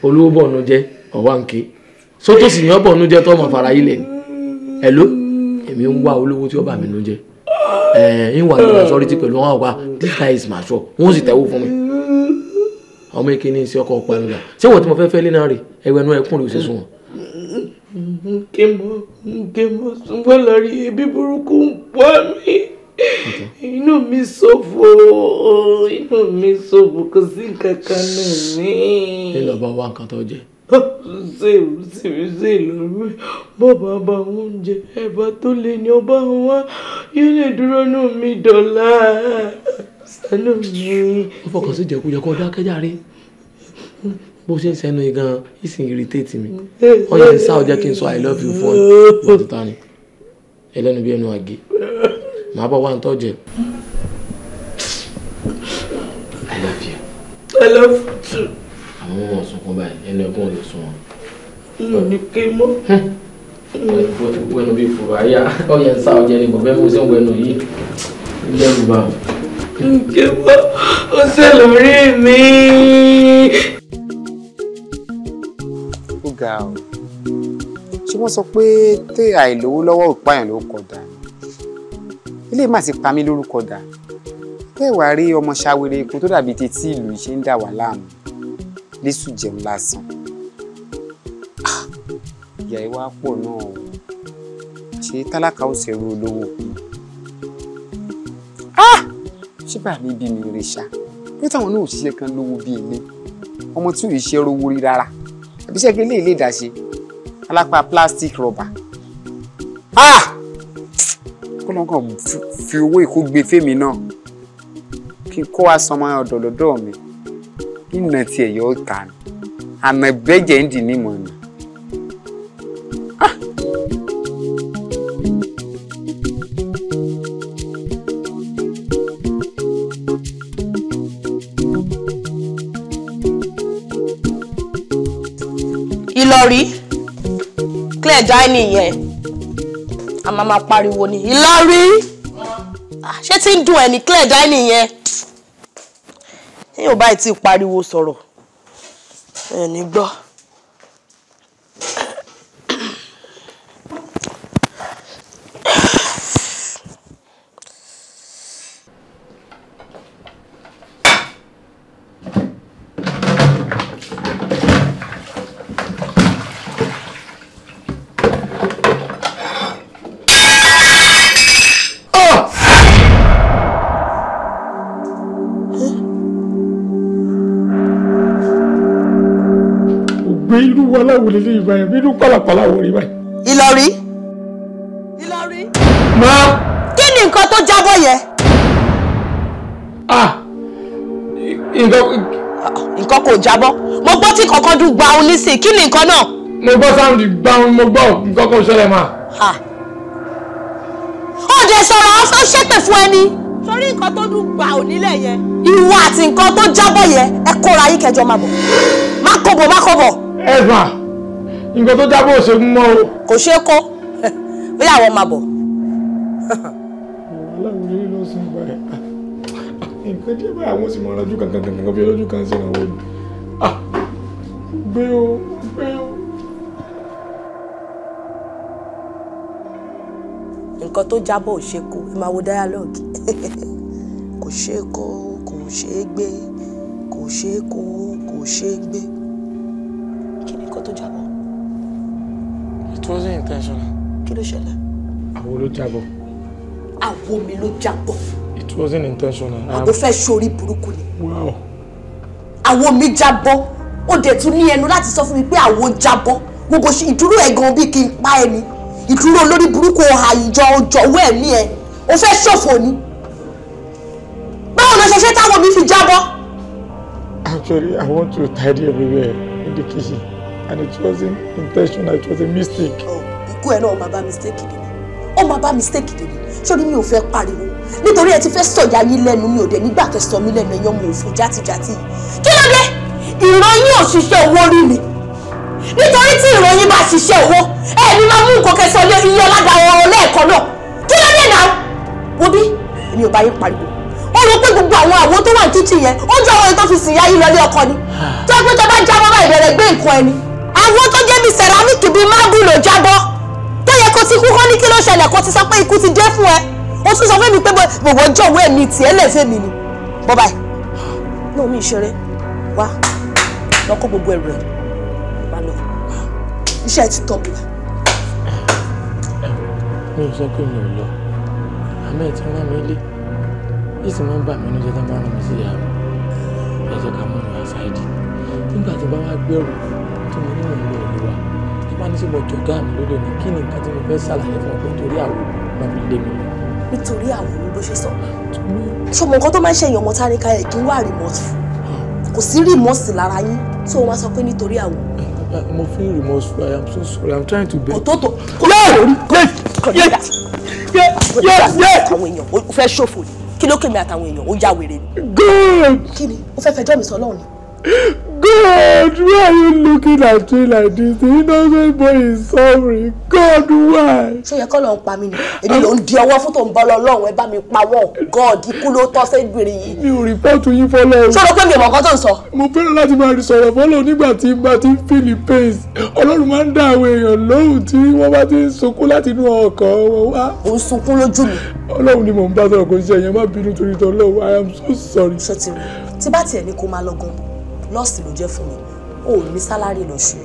olówó bọ̀ ọ̀nù jẹ́ ọ̀wá ń ké sótó sì ní ọ̀bọ̀ ọ̀nù jẹ́ tó ọmọ fara yìí lẹ̀ ni. ẹ̀ ló èmi ń wá olówó tí ó bà mí nú jẹ́ ẹ̀ ń wà ní ọ̀sọ́rí tí pẹ̀lú wọn wà this guy is mature wọ́n sì tẹ̀wọ́ fún mi ọmọ èké ní ìsìn ọkọ̀ ẹnu gà ṣé wọ́n ti mọ fẹ́ fẹ́ lé náà rè ẹ̀wẹ̀ ẹnu ẹkùn rè ó ṣe sùn wọn nke mo nke mo súnmọ́ lórí ebi burúkú ń pọ̀ mí inú mi ṣòfò inú mi ṣòfò kò sí nǹkan kan náà ní. ẹ lọ bá wa nǹkan tó jẹ. sèlú sèlú sèlú mi bàbá bá oúnjẹ ẹ̀bà tó lé ní ọba wa yóò lè dúró nù mí dọ̀la sánú mi. ó fọkàn sí jẹkújẹ kó dákẹ́ jàre bó ṣe ń sẹnu igan ìsìn irritate mi ọyẹ ń sá ọjọ́ kí n sọ i love you fún ọ ní ta ni ẹlẹ́nu ẹnu àgé màá bọ̀ wá ń tọ́jẹ̀. i love you. i love you too. àwọn ọmọ ọ̀sùn kan báyìí ẹni ọgbọ́n ò lè sùn wọn. mi ò ní ké mọ́. wẹnu bíi furu àyà ọyẹ ń sá ọjọ́ ni bọ̀bẹ́ mo ṣe ń wẹnu yìí ń dẹ́rù bá wọn. ǹjẹ́ wọ́n ó ṣèlórí mi ga o ṣé wọ́n sọ pé tẹ àìlówó lọ́wọ́ ìpáyàn ló kọ̀dà ilé má ti pa mí lórúkọ dà bẹ́ẹ̀ wá rí ọmọ ṣàwèrè epo tó dàbí títí ìlú ṣe ń dà wá láàmú lẹ́sù jẹun lásán ah, ìyá ìwà pọ̀ náà ṣe tálákà ó ṣẹ̀rù olówó ah! ṣé bàá mi bí mi rè ṣá pé táwọn náà ò ṣiṣẹ́ kan lówó bíi ilé ọmọ tí ò yìí ṣe rówó rí rárá àbí ṣẹ́gi lè lè dà ṣe alápá plastic rubber kó lọ́n kàn fi owó ìkó gbé fèmí náà kí n kó wa sanmọ́ ọ̀dọ̀ lọ́dọ̀ mi nínà tiẹ̀ yọ ọ́ ta ni àmọ́ ẹgbẹ́jẹ̀ ń dì ní mọ̀ ni. Ìlọrí clear dining yẹn a máa máa pariwo ni Ìlọrí ah, ṣé tí ń dùn ẹ ní clear dining yẹn ẹ̀yin ò báyìí tí pariwo sọ̀rọ̀ ẹ̀ ní gbọ́. ìgbà yẹn bínú pàlàpàlà wò rí báyìí. ìlọrí. ìlọrí. má. kí ni nǹkan tó jábọ́ yẹn. ah nǹkan. nǹkan kò jábọ́ mo gbọ́ tí kankan dùn gba onísìn kí ni nǹkan náà. mo gbọ́ sáwùndì gbàùn mo gbọ́ nǹkan kò ṣẹlẹ̀ mà. ọ̀dẹ sọ̀rọ̀ àwọn fẹ́ ṣépè fún ẹni torí nǹkan tó dùn gbà ò nílẹ̀ yẹn. ìwọ àti nǹkan tó jábọ̀ yẹn ẹ kóra yín máa bọ̀ má kọ̀bọ̀ má kọ̀bọ̀. ẹ fà nǹkan tó jábọ̀ òṣègùn mọ́ o. kò ṣe é kó bóyá àwọn máa bọ̀. aláwọ̀ yìí ló sùn bá ẹ̀ nǹkan jẹ́ báyà wọ́n sì mọ ọlọ́jú kankan kankan bí ọlọ́jú kan sí ìrànwọ́ ni. gbé o gbé o. nǹkan tó jábọ̀ ò ṣe kó ẹ máa wo dáyálọ́ọ̀gì kò ṣe é kó kò ṣe é gbé kò ṣe é kó kò ṣe é gbé. It wasn't intentional. Kí ló ṣẹlẹ̀? Àwo ló jábọ̀. Àwo mi ló jábọ̀. It wasn't intentional. Àwo fẹ́ sórí burúkú ni. Wow. Àwo mi jábọ̀. Ó dẹ̀ tún ní ẹnu láti sọ fún mi pé àwo jábọ̀. Gbogbo ìdúró ẹ̀ gan bí kí n pa ẹni. Ìdúró olórí burúkú ọ̀hà ìjọ ọjọ́wọ́ ẹ̀mí ẹ̀. Ó fẹ́ ṣòfò ni. Báwo ló ṣe ṣe táwọn mi fi jábọ̀? Actually, I want to tidy everywhere in the kitchen and it wasn't an intention it was a mistake. Oh, ikú ẹ náà ọmọ bá mistake dé ni ọmọ bá mistake dé ni sórí mi ò fẹ́ pariwo nítorí ẹ ti fẹ́ sọ̀yà yín lẹ́nu mi ò dẹ̀ nígbà kẹ́ sọ mí lẹ́nu ẹ̀yán mo ò fún játijàti kí ló dé ìran yín ò ṣiṣẹ́ owó rí mi nítorí tí ìran yín bá ṣiṣẹ́ owó ẹ ní máa mú nǹkan kẹsàn lé iye ọ̀làdà ọ̀rọ̀ lẹ́ẹ̀kan náà kí ló dé náà wo bí èmi ò bá yín pariwo ó rò pé gbogbo àwọn àwo tó wà ní títì yẹn ó jọ àwọn ètò fi sìn yá yín lọ lé ọkọ ni tó pé tó bá jáwọ́ bá ìbẹ̀rẹ̀ gbé nǹkan ẹni àwo tó jẹ́ bíi sẹ̀rámìkì bíi mágùn ló jábọ́ tó yẹ kó ti kú kọ́ ní kí ló ṣẹlẹ̀ kó ti sọ pé ikú ti dé fún ẹ o tún sọ fún mi pé bòbò jọ̀wọ́ ẹ̀mí tiẹ̀ lè fẹ́ mi ni bọ́ báyìí náà mi ìṣeré wá lọ kó gbogbo ẹrù ẹ̀ wá lọ iṣẹ́ ti tọ́ mi wá. mi ò sọ pé mi ò lọ àmọ́ ẹ̀ ti rán mi lé yìí sì máa ń bà mí ní jẹ́ tá máa ń rán mi sí ìyá mi ẹ jẹ́ ká mú mi wá sáìdì nígbà tí bá wá gbẹ̀rù tí mo ní mò ń lo ìlú wa tí bá ní sí mo jọ̀gá mi lóde ní kí ni nǹkan tí mo fẹ́ ṣàlàyé fún ọ pé torí àwò náà fi lé mi lọ. nítorí àwò ló ṣe sọ ṣọmọ nǹkan tó máa ń ṣe èèyàn mọ́ta ní káyọ̀ kí n wá rìmọ́ọ̀tì ah. kò sí rìmọ́ọ̀sì lára yín tó o máa sọ pé nítorí àwò. Eh, mo fi rìmọ́ọ̀sì I am so sorry I am trying to beg. ọ̀tọ̀ọ̀tọ̀ kò lóòrùn kò yẹ yẹ yẹ yẹ àwọn èèyàn o fẹ́ ṣòfò ni kí ló kémi àtàwọn èèyàn ó yá wèrè ni. God kí ni o fẹ́ fẹjọ́ mi sọ lọ́run ni. God, why are you looking at me like this? He knows innocent boy is sorry. God, why? So yẹ kọ́ on ń pa mí ni? Èmi ló ń di ọwọ́ fún tó ń bọ́ lọ lọ́hùn God, ikú ló tọ́ sẹ́gbèrè yìí. Mi ò rìpọ́ọ̀tù yín fọlọ́ o. Ṣé o ló pé mi ò mọ̀ nǹkan tó ń sọ? Mo fẹ́ràn láti máa rí sọ̀rọ̀ fọ́lọ́ nígbà tí bá ti ń fìlì pains. Ọlọ́run máa ń dá àwọn èèyàn lóhùn tí wọ́n bá ti ń sunkún láti inú ọkàn wọn wá. Ò ń sunkún lójú mi. Ọlọ́run ni mò ń I am so sorry. Ṣé ti rí? Tí bá lọ́ọ̀sì ló jẹ́ fún mi o ò ní sálárì lóṣù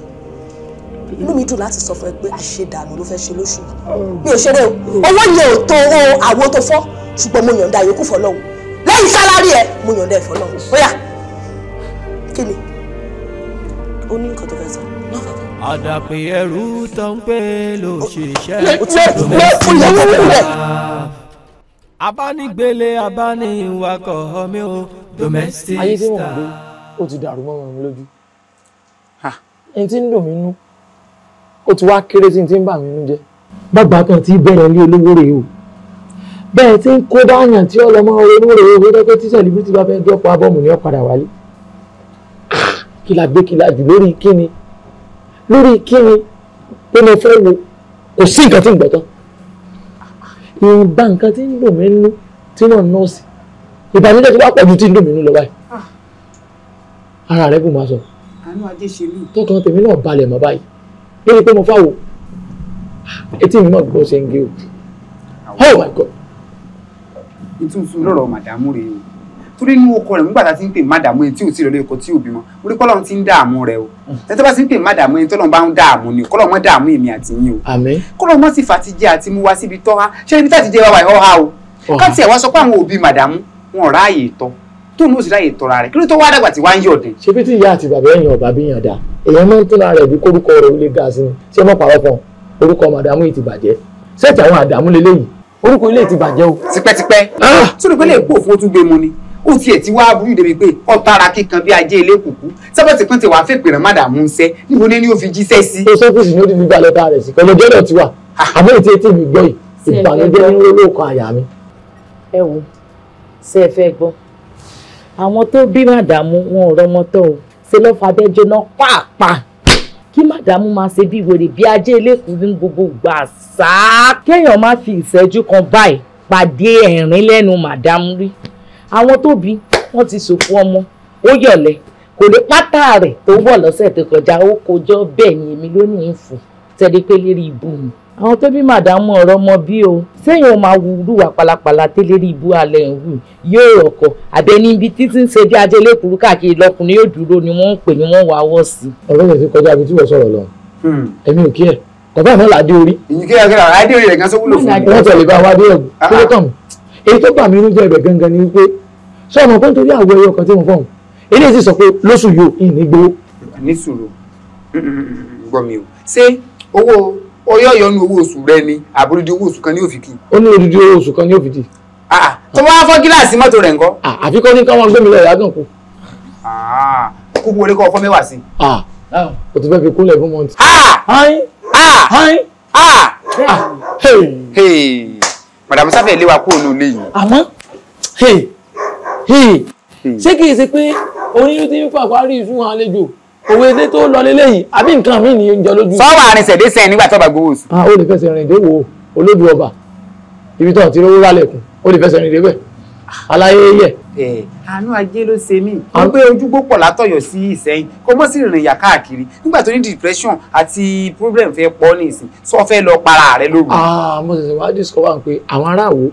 inú mi dùn láti sọ fún ẹ pé àṣedànù ló fẹ́ ṣe lóṣù mi ò ṣeré o owó yẹn ò tó o àwo tó fọ́ ṣùgbọ́n mo yọ̀ǹda yòókù fọlọ́hún lẹ́yìn sálárì ẹ mo yọ̀ǹda ẹ̀ fọlọ́hún bóyá kí ni o ní nǹkan tó fẹ́ sọ àdàpè ẹrú tó ń pè lóṣìṣẹ́ domestic abánigbélé abániwakọ̀ mi ò domestic star ó ti dàrú mọ́ mi lójú ẹni tí ń dùn mí nú ó ti wá kéré sí ti ń bà mí nú jẹ́ bàbá kan ti bẹ̀rẹ̀ ilé olówó rèé o bẹ́ẹ̀ tí ń kó dáàyàn tí ọlọ́mọ ronú rèé o pé tí sẹ̀líbítì bá fẹ́ dọ́pọ̀ abọ́mù ni ó wálé kí la gbé kí la jù lórí kíni lórí kíni ó lọ fẹ́ wo kò sí nǹkan tí ń gbọ̀tán ìbá nǹkan tí ń dùn mí nú tí náà nọ́ọ̀sì ìbànújẹ́ tó bá pọ̀ ju tí ń dùn mí nú lọ báyìí ara rẹ kò máa sọ. àánú ajé ṣe mí. tọkàn tèmi náà balẹ̀ mọ́ báyìí lórí pé mo fáwọ̀ etí mi náà gbọ́ ṣe ń gé o. oh my god. ìtúnṣu lọ́rọ̀ màdàmú rèé o torí inú oko rẹ̀ nígbà tá a ti ń pè mádàmú ẹni tí ò tí ì lọ lóko tí ò bímọ orí kọ́lọ́run ti ń dààmú rẹ o ẹni tó bá ti ń pè mádàmú ẹni tọ́lọ́run bá ń dààmú ni kọ́lọ́run mọ́ dààmú èmi àti yín o kọ́lọ́run mọ́ sì fà ti jẹ àti mú wá síbi tọ́ ha ṣé ibi tá ti jẹ wá wà ẹ̀ ọ́ ha o ká tiẹ̀ wá sọ pé àwọn òbí mádàmú wọn ò ráàyè tọ́ tó ní òsìláyè tọ́ra rẹ̀ kí ló tó wá dàgbà tí wá ń yí ọ̀dẹ. ṣé bí tí ìyá àti bàbá ẹ̀yìn ọ̀bà bí yàn dá èèyàn máa ń tún ara rẹ̀ bí kórúkọ rẹ̀ ó lè ga sí ni ṣé mọ̀ pàrọ̀ kan orúkọ màdàmú yìí ti bàjẹ́ ṣẹ́ẹ̀tì àwọn àdàmú leléyìí orúkọ ilé ti bàjẹ́ o. tipẹ́tipẹ́ sórí ah! pé lè gbó òfin tún gbé mu ni ó tiẹ̀ ti wá burú débi pé ọ̀tara kíkan bí ajé ilé kùkú sábàtì kan ti wàá fẹ́ pèrè mádàmú ńṣẹ́ níbo ni ó fi jíṣẹ́ sí. ó sọ́kùsì ní ó ti fi gbà lọ́ta rẹ̀ sí pẹ̀lú jẹ́dọ̀ ti wà ah! àmọ́ ètò ètò ìgbọ́ yìí ìbànújẹ́ ń lóko àyà mi. ẹ wo ṣé ẹ fẹ́ gbọ́ àwọn tó bí màdàmú wọn ò rọmọ tán o ṣe lọ́ fàbẹ́ jóná pàápàá kí màdàmú máa ṣe bí wèrè bí ajé elékùn ní gbogbo gbà sáà kéèyàn má fi ìṣẹ́jú kan báyìí pàdé ẹ̀rín lẹ́nu màdàmú rí àwọn tó bí wọ́n ti sòkú ọmọ ó yọ̀lẹ̀ kò lè pátá rẹ̀ tó wọ̀ lọ́sẹ̀ tó kọjá ó kojọ́ bẹ́ẹ̀ ni èmi ló ní fò tẹ́lẹ̀ lérí ibú mi àwọn tó bí màdámù ọ̀rọ̀ mọ bí o sẹ́yìn o máa wúrú wà pàlàpàlà tẹ́lẹ̀ rí ibú alẹ́ ń wù yóò rọ̀kọ̀ àbẹ́ni ibi títí ń ṣe bí ajẹ́lé kúrú káàkiri lọkùnrin yóò dúró ni wọ́n ń pè ni wọ́n wà wọ́ sí. ọ̀rọ̀ yẹn ti kọjá ibi tí wọ́n sọ̀rọ̀ lọ ẹ̀mí hmm. ò kí ẹ̀ bàbá àmọ́ làdé orí. ìyíkẹ́ àgẹ́rẹ́ àdé orí rẹ̀ gan sọ́wọ́lò fún mi. wọ́n tẹ̀lé bá wa dé ẹ̀gùn tó lọ́tọ̀ mi èyí tó ni wípé ṣé ọmọ pé nítorí àwọ̀ ẹyọ kan owó oyè ọ̀yọ́nu owó oṣù rẹ ni àbúrúdi owó oṣù kan ní òfìkì. ó ní odidi owó oṣù kan ní òfìkì. Ah, ah, tó bá fọ́ gíláàsì mọ́tò rẹ̀ ńkọ́. Ah, àfikọ́ ní káwọn gbé mi lọ ìyá gànkú. kó wọlé kọ́ ọkọ mẹ́wàá sí. o ti fẹ́ fi kúnlẹ̀ fún mọ́tì. madam sáfẹ̀ lé wa kúrò ní olè yìí. àmọ́ ṣé kì í ṣe pé oníyóò ti ń pàpárí fún àlejò òwe ilé tó lọ lélẹ̀ yìí àbí nǹkan mi ní jọ lójú. sọ́wọ́ àrin ṣẹ̀dé sẹ́yìn nígbà tó bá gbowó oṣù. Ah, ó lè fẹsẹ̀ rìn dé wo olódù ọba ibi tó ti rówó rálẹ̀kùn ó lè fẹsẹ̀ rìn dé bẹ́ẹ̀ aláyé yẹ. àánú ajé ló ṣe mí ó gbé ojúgbó pọ̀ látọ̀yọ̀ sí ìsẹ́yìn kó mọ́ sí ìrìn ìyà káàkiri nígbà tó ní depression àti problem fẹ́ pọ̀ ní ìsìn sọ fẹ́ lọ para rẹ lóru. Ah, mo ṣẹ̀ṣẹ̀ wá discover pé àwọn aráàwọ̀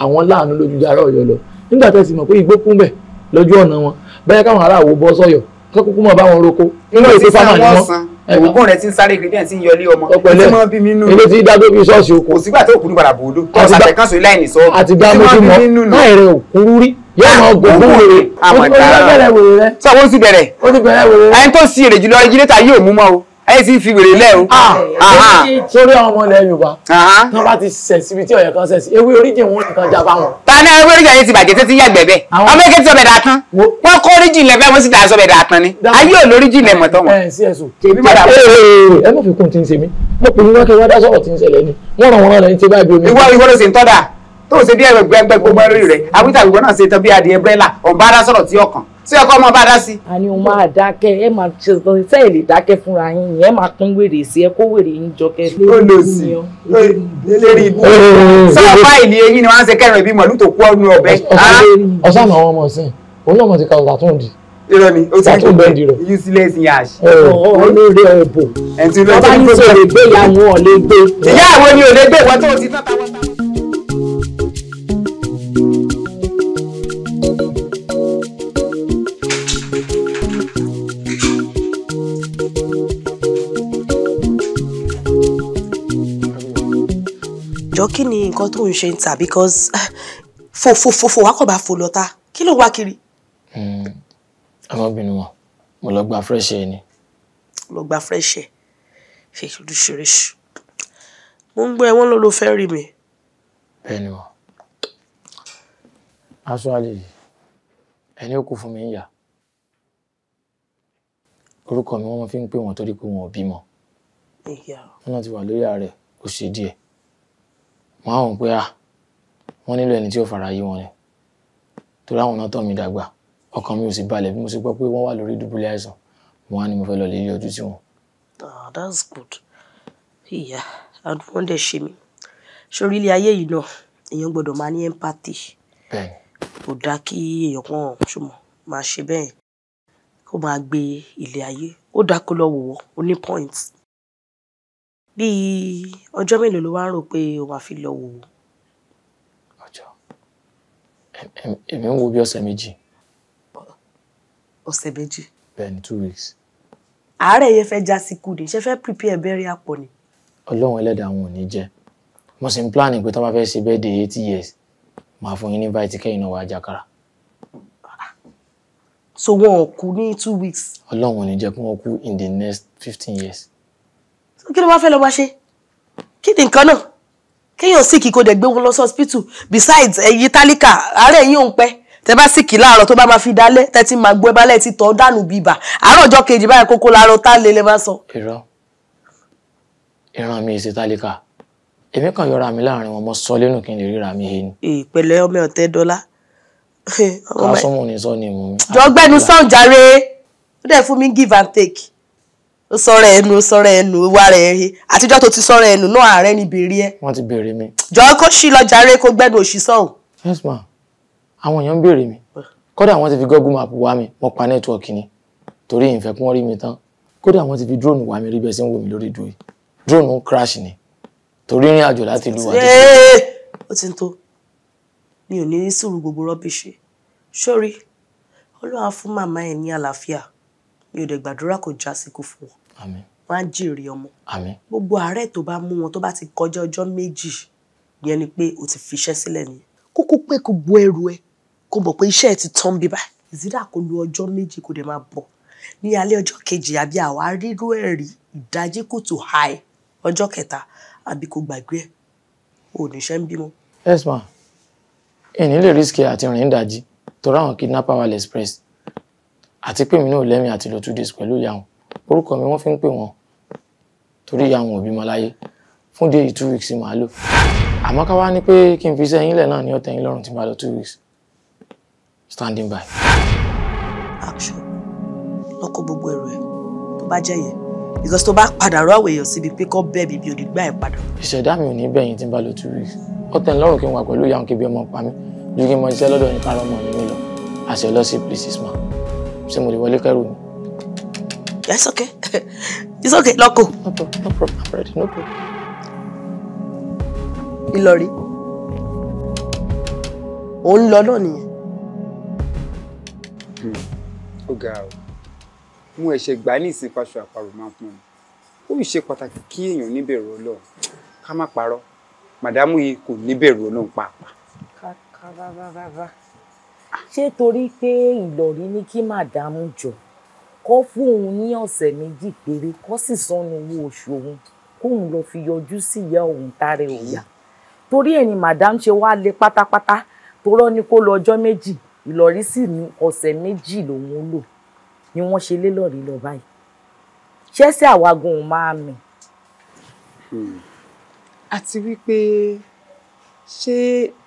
àwọn láàánú lójú dára ọ̀yọ́ lọ nígbà tẹ̀sí mọ̀ pé igbó kún bẹ̀ lójú ọ̀nà wọn bẹ́ẹ̀ káwọn aráàwọ̀ bọ́ sọ̀yọ̀ kókó mọ̀ bá wọn roko. nínú èsì fáwọn ni ògùn rẹ ti ń sáré kìrìtìyàn ti ń yọlé ọmọ ọpẹlẹ tí bí mi ilé tí dágbé bí ṣọ́ọ̀ṣì oko òsígbà tó kùnú padà bòódó ọsàn àtẹkánṣe láìní sọ àti dá mọ láì rẹ òkúrú rí yóò mọ gbogbo wèrè àmọ̀dá sọ wọ́n ti bẹ̀rẹ̀ ẹni tó sí èrè jùlọ ẹjílẹ́ta yóò mú mọ́ o ẹ sì fi wèrè lẹ o. Ah, ah, ah. sórí àwọn ọmọ ilẹ̀ yorùbá tí wọ́n bá ti sẹ̀ síbi tí ọ̀yẹ́ kan sẹ̀ sí ewé oríjì wọn nìkan já bá wọn. ta ni ewé oríjì yẹn ti bàjẹ́ títí yàgbẹ́ bẹ́ẹ̀ ọmọ èké ti sọ bẹ̀rẹ̀ àtán wọ́n kọ́ oríjì ilẹ̀ bẹ́ẹ̀ wọ́n sì ta sọ bẹ̀rẹ̀ àtán ni ayé ò lóríjì ilẹ̀ mọ̀tọ́ wọn. ẹ ẹ má fi kún ti ń ṣe mí mo pè ní wákẹ́ wá dá sọ̀rọ̀ ti ń ṣẹlẹ̀ ni wọ́n ràn wọ́n rẹ̀ ń ṣe báyìí bí omi. ìwọ ìwọ ló sì ń tọ́ da tó ń ṣe bí ẹgbẹgbẹ gbogbo ẹrú rẹ àwítà gbogbo náà ṣe tán bí adìẹ brẹ́là ọ̀nbára sọ̀rọ̀ tí ọkàn sí ọkọ ọmọ bá dá sí. àní o máa dákẹ́ ẹ máa ṣe ṣe ẹ lè dákẹ́ fúnra yín yẹn ẹ máa pín wèrè sí ẹ kó wèrè yín jọ kẹ. ó lò sí lérí ibú sọ́wọ́ fáìlì eyín ni wọ́n á ṣe kẹrin ìbí mọ̀lú tó kú ọ́nú ọ̀bẹ. ọ̀sán àwọn ọmọ ọ̀sìn òun náà mọ̀ ti ka ọ̀gá tó ń di irọ́ ni o ti ń gbọ́ useless yash. olórí ọ̀bùn bàbá yìí sọ̀rọ̀ ìgbéyàwó ò lè gbé. ìyá àwọn ni ò lè gbé ìwọ́n tó ti tán táwọn táwọn. kí ni nǹkan tó ń ṣe ń tà because fòfòfòfò wà kọ̀ bá fò lọ́ta kí ló wá kiri. ọmọbìnrin hmm, wọn mo lọ gba fresh air ni. mo gba fresh ṣe oríṣiríṣi mo ń gbọ́ ẹ wọ́n ló ló fẹ́ rí mi. bẹ́ẹ̀ni wọn aṣọ àlè ẹni ó kù fún mi ń yà orúkọ mi wọ́n fi ń pè wọ́n torí pé wọn ò bímọ wọn náà ti wà lórí ààrẹ ó ṣe díẹ̀ wọn àwọn pé à ah, wọn nílò ẹni tí ó fara yí wọn ni torí àwọn náà tọ́ mi dàgbà ọkàn mi ò sì balẹ̀ bí mo sì gbọ́ pé wọ́n wà lórí dùbúlẹ̀ àìsàn mo wá ní mo fẹ́ lọ lè yọjú sí wọn. Ah, that's good ìyá àdúgbò ń dẹ̀ ṣe mí sórí ilé ayé yìí náà èèyàn gbọ́dọ̀ máa ní empathy kò dáa kí èèyàn kan ṣùgbọ́n máa ṣe bẹ́ẹ̀ kó máa gbé ilé ayé ó dáa kó lọ wò ó ní points Bí ọjọ́ mélòó lo wá rò pé o máa fi lọ wò ó? Ọjọ́. Èmi ń wo bí ọ̀sẹ̀ méjì. Ọ̀sẹ̀ méjì? Bẹ́ẹ̀ni, two weeks. Àárẹ̀ yẹn fẹ́ já sí kú ni, ṣe fẹ́ prepare burial pọ̀ ni. Ọlọ́run ẹlẹ́dàá wọn ò ní jẹ́. Mo sì ń plan pé tó bá fẹ́ ṣe birthday eighty years, màá fún yín ní invite kẹ́yìn náà wá jàkàrà. So wọn ò kú ní two weeks. Ọlọ́run ò ní jẹ́ kí wọ́n kú in the next fifteen years kí ló wá fẹ́ lọ bá ṣe kí ni nǹkan náà kéèyàn síkì kó dẹ̀ gbé wọn lọ sí hospital besides ẹ̀yin tálíkà àárẹ̀ yín òun pẹ́ tẹ bá síkì láàárọ̀ tó bá máa fi dálé tẹ́tí máa gbọ́ ẹbálẹ̀ tí tọ́ dànù bíbà àárọ̀ ọjọ́ kejì báyìí kókó láàárọ̀ tá lè lè máa sọ. irọ́ ìran mi èsì tálíkà èmi kàn yọra mi láàrin wọn mo sọ lẹ́nu kí n lè ríra mi he ni. ìpẹ̀lẹ́ ọmọ ọ̀tẹ́ dọ́là. kásùmù ní sọ ni mo. jọgbẹ́nu sàn jàre ó dẹ̀ fún mi give and take ó sọ̀rọ̀ ẹnu sọ̀rọ̀ ẹnu wà rẹ̀ rí àtijọ́ tó ti sọ̀rọ̀ ẹnu náà ààrẹ ni bèrè ẹ. wọ́n ti bèrè mi. jọ kó ṣí lọ́jà rẹ kó gbẹ́dùn òṣì sọ̀hún. yes ma àwọn èèyàn ń bèrè mi kódà wọ́n ti fi google map wá mi mo pa network ni torí ìfẹ́ kí wọ́n rí mi tán kódà wọ́n ti fi drone wá mi rí bẹ́ẹ̀ sí ń wò mí lórí dùn yìí drone ń crash ni torí ìrìn àjò láti ìlú wa. ó ti ń tó mi ò ní ní sùúrù gbogbo rọ́bìṣì sórí Ọlọ́run fún màmá ẹ̀ ní àlàáfíà mi ò dẹ̀ gbàdúrà kó já síkú fún wọn àmín wọ́n á jèrè ọmọ àmín gbogbo àárẹ̀ tó bá mú wọn tó bá ti kọjá ọjọ́ méjì yẹn ni pé o ti fiṣẹ́ sílẹ̀ nìyẹn kókó pé kò bu ẹrù ẹ kó mọ̀ pé iṣẹ́ ẹ ti tán bíbá ìzídà kò lu ọjọ́ méjì kò dẹ̀ máa bọ̀ ní alẹ́ ọjọ́ kejì àbí àwa rírú ẹ̀rí ìdájí kùtù hàì ọjọ́ kẹta àbí kò gbàgbé ẹ̀ ò ní ṣe ń bímọ. yes ma ẹni lè risk àti rìn ìdájí torí àwọn kidnapper wà express àti pé mi náà lẹ́mìí àti lọ two days pẹ̀lú ìyá wọn orúkọ mi wọ́n fi ń pè wọ́n torí ìyá wọn ò bímọ láyé fún díẹ̀ yìí two weeks màá lò àmọ́ ká wá ní pé kí n fi iṣẹ́ yín lẹ̀ náà ní ọ̀tẹ̀ yín lọ́rùn tí màá lọ two weeks standing by. action lọkọ gbogbo ẹrù ẹ tó bá jẹ yẹn because tó bá padà rọ àwọn èèyàn síbi pé kọ́ bẹ́ẹ̀ bíbi ò ní gbà ẹ̀ padà. ìṣẹ̀dá mi ò ní bẹ̀yìn tí n bá lọ two weeks ọ̀tẹ̀ lọ́rùn kí n wà pẹ̀lú ìyá òun kébí ọmọ pa mí ju kí n mọ iṣẹ́ lọ́dọ̀ ní kárọ́mọ̀ mi lọ àṣẹ lọ places ma ṣé mo lè wọlé kẹrù ni okay, it's okay. it's okay, lọ́kọ̀. No problem, no problem, I'm ready, no problem. Ìlọrí. Òun lọ náà nìyẹn. Hmm. Ó ga o, mo ẹ̀ṣẹ̀ gbà ní ìsìn faṣọ àparò máa ń pọn. Ó ṣe pàtàkì kí èèyàn níbẹ̀rù Ọlọ́run. Ká má parọ́, màdámù yìí kò níbẹ̀rù Ọlọ́run pàápàá. Kàkàrà rárá. Ṣé torí pé Ìlọrí ní kí màdámù jọ? kó fún òun ní ọ̀sẹ̀ méjì péré kó sì sọnù owó oṣù òun kóun lọ fi yọjú sí ìyá òun tààrẹ òyà torí ẹ̀ ni madam ṣe wá lé pátápátá torọ́ ni kó lọ ọjọ́ méjì ìlọrí sì ní ọ̀sẹ̀ méjì lòun lò ni wọ́n ṣe lé lọ́rí lọ báyìí ṣẹ́sẹ̀ àwagun òun máa mì. Hmm. àti wípé ṣé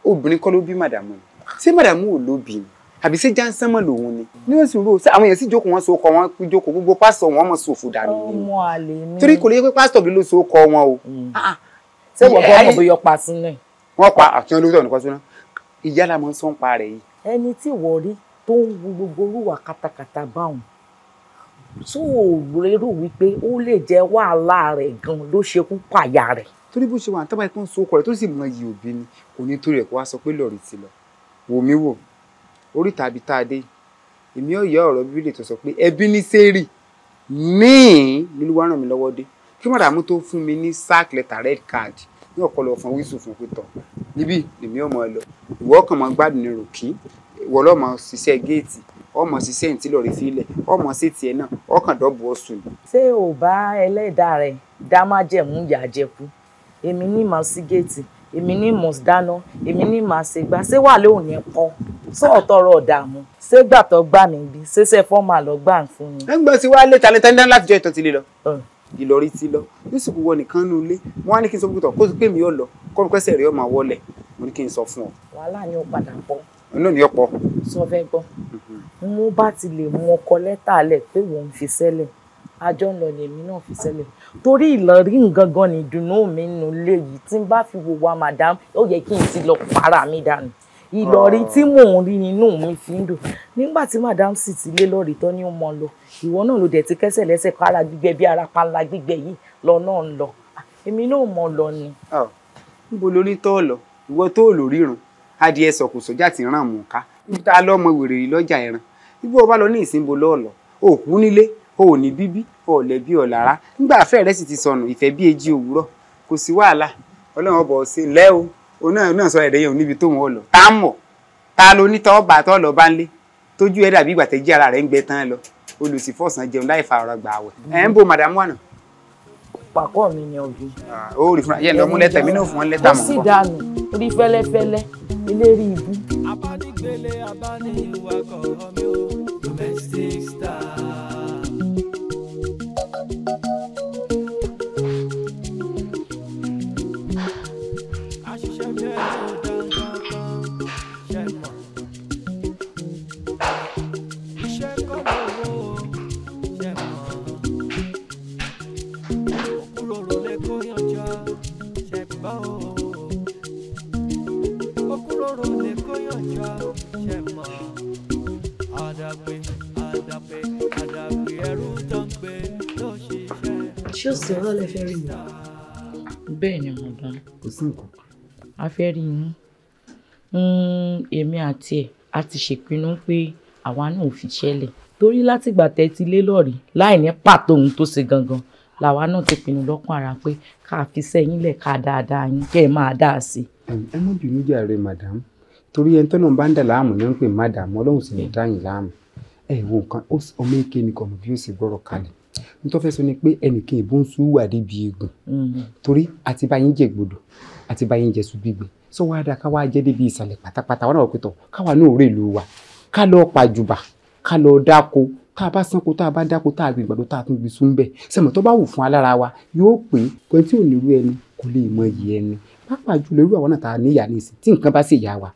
obìnrin kọ́ ló bí màdàmú ṣé màdàmú ò lóbi àbí ṣé jansan mọ lòun ni ní oṣù rò ṣé àwọn èèyàn sì jókòó wọn so kọ wọn jókòó gbogbo pásítọ̀ wọn mọ sòfò dànù ni torí kò lè pé pásítọ̀ bí ló so kọ wọn o. Hmm. Ah, ah. ṣé wọ́n bọ́ ọmọ bóyá pa sínú ẹ̀. wọ́n pa àti olóòótọ́ nìkan sínú ìyá la mọ̀ sọ́n pa rẹ̀ yìí. ẹni tí wọ́n rí tó ń wu gbogbo olúwa katakata báwọn tó o lérò wípé ó lè jẹ́ wàhálà rẹ̀ gan ló ṣekú pàyà rẹ̀. torí bó ṣe wà tábàá ikú ń so ọkọ rẹ̀ tó sì mọ iyì òbí ni kò ní torí ẹ̀ kó wá sọ pé lọ́ọ̀rì ti lọ wò mí wò orí tàbí tá a dé èmi ò yẹ ọ̀rọ̀ bíbélì tó sọ pé ẹbí ní sẹ́rì míì lolúwa ràn mí lọ́wọ́ dé kí màdàmú tó fún mi ní sack letter red card ní ọ̀pọ̀lọ̀ ọ̀fọ̀n wíṣù fún pé tọ̀ níbí lèmi ò mọ̀ ẹ lọ ìwọ kàn mọ́ gbádùn ní ròkì ìwọ lọ́mọ ṣiṣẹ́ géètì ọmọ ṣiṣẹ́ ìtí lọ́ọ́ rí sílẹ̀ ọmọ sí tiẹ̀ náà ọkàn dọ́bù ọ̀sùn. ṣé ò bá ẹlẹ́dàá rẹ̀ dá májẹ̀mú yà jẹ̀kú èmi ní màá sí géètì èmi ní must dáná èmi ní màá ṣe gbá ṣé wà lóhùn yẹn pọn sọ̀tọ̀ ọ̀rọ̀ ọ̀dààmú ṣé gbà tó gbà mí bí ṣẹṣẹ fọ́ọ̀mà lọ gbà ń fún mi. ẹ ń gbọ́ sí wálé tanitani láti jọ ìtàn ti lè lọ ìlọrí ti lọ yusuf wọ nìkan nù ilé wọn á ní kí n sọ pé kó pé mi ò lọ kó mi pẹ́sẹ̀ rẹ̀ ọ̀ máa wọlé mo ní kí n sọ fún ọ. wàhálà ni ó padà pọ̀. inú ni ó pọ̀. sọ fẹ́ gbọ́ mhm. mo bá ti lè mú ọkọ lẹ́tà lẹ̀ pé wọ́n ń fi sẹ́lẹ̀ àjọ ń lọ lèmi náà fi sẹ́lẹ̀ torí ìlọrí gangan ni ìdùnnú mi nù lé yìí tí n bá fi wò wá madam ó yẹ kí n ti lọ para mi dànù ìlọrí ah. tí mò ń rí nínú mi fi ń dùn nígbà tí madam sì ti lé lọ́ọ̀rì tán ní ó mọ lọ ìwọ náà ló dẹ̀ ti kẹ́sẹ̀ lẹ́sẹ̀ kọ́ ara gbígbẹ bí ara panla gbígbẹ yìí lọ náà ń lọ èmi náà mọ lọ ni. Ah. níbo ló ní tọ́ọ̀lọ̀ ìwọ tó lò ríran adìẹ sọ̀kò sójà ti ràn mú ká níta lọ́mọ wèrè lọ́jà ẹran ibo ọba lọ ní ìsìnbó lọ́ọ̀lọ́ òkú nílé o ò ní bíbí o ò lẹ̀bi ọ̀lára nígbà afẹ́ rẹ sì ti sọnù ìfẹ́ bí eji òwúrọ̀ kò sí wàhálà ọlọ́run ọbọ̀ ṣe lẹ́ o o náà náà sọ ẹ̀dẹ́yẹ̀ òun níbi tóun ọlọ tá a mọ̀ ta ló ní tọ́ bá tọ́ lọ bá ń lé tójú ẹ̀ dàbí ìgbà tẹ́jí ara rẹ̀ ń gbẹ tán lọ olùsìfọ̀sán jẹun láì fa ọ̀rọ̀ gbà wẹ̀ ẹ̀ ń bo màdàmú àná pàkọ́ mi ni ọ̀gbìn. ó rí fúnra yẹn lọ mú lẹ́tà mi náà fún wọn lẹ́tà mọ́. ó ṣé òsì ọ̀rọ̀ lẹ fẹ́ rí mi. bẹ́ẹ̀ ni madam. kò sí nǹkan. a fẹ́ rí yín hmm, èmi àti ẹ̀ a ti ṣèpinnu pé àwa náà ò fi ṣẹlẹ̀ torí látìgbà tẹ́ ti lé lọ́ọ̀rí láì ní pàtó ohun tó ṣe gangan làwa náà ti pinnu lọ́kàn ara pé ká fi sẹ́yìn lẹ̀ ká dáadáa yín kẹ́ ẹ máa dá a sí. ẹ má bínú jàre madam torí ẹni tọ́nà bá ń dà láàmú ní ń pè madam ọlọ́run sì ní dáyìn láàmú ẹ wo nǹkan ọmọ èké ni kò mọ bí ó sì gbọ́rọ̀ kalẹ̀ n tó fẹ́ sọ ni pé ẹnìkan ìbọn ń súwà débi eegun mm-hmm. torí àti báyìí ń jẹ gbòdò àti báyìí ń jẹ sùn gbígbẹ sọ wá dáa ká wá jẹ́ débi ìsàlẹ̀ pátápátá wọn náà pẹ̀tọ̀ káwa náà rè lù wá ká lọ pàjùbà ká lọ dáko tá a bá sanko tá a bá dáko tá a gbìn gbàdo tá a tún gbìn sún bẹ́ẹ̀ sẹ́mi tó bá wù fún alára wa yóò pé pé tí ò ní irú ẹni kò lè mọ iye ẹni pàápàá jùlọ irú àwọn náà tá a níyà ní ìsìn tí nǹkan bá sì yà wa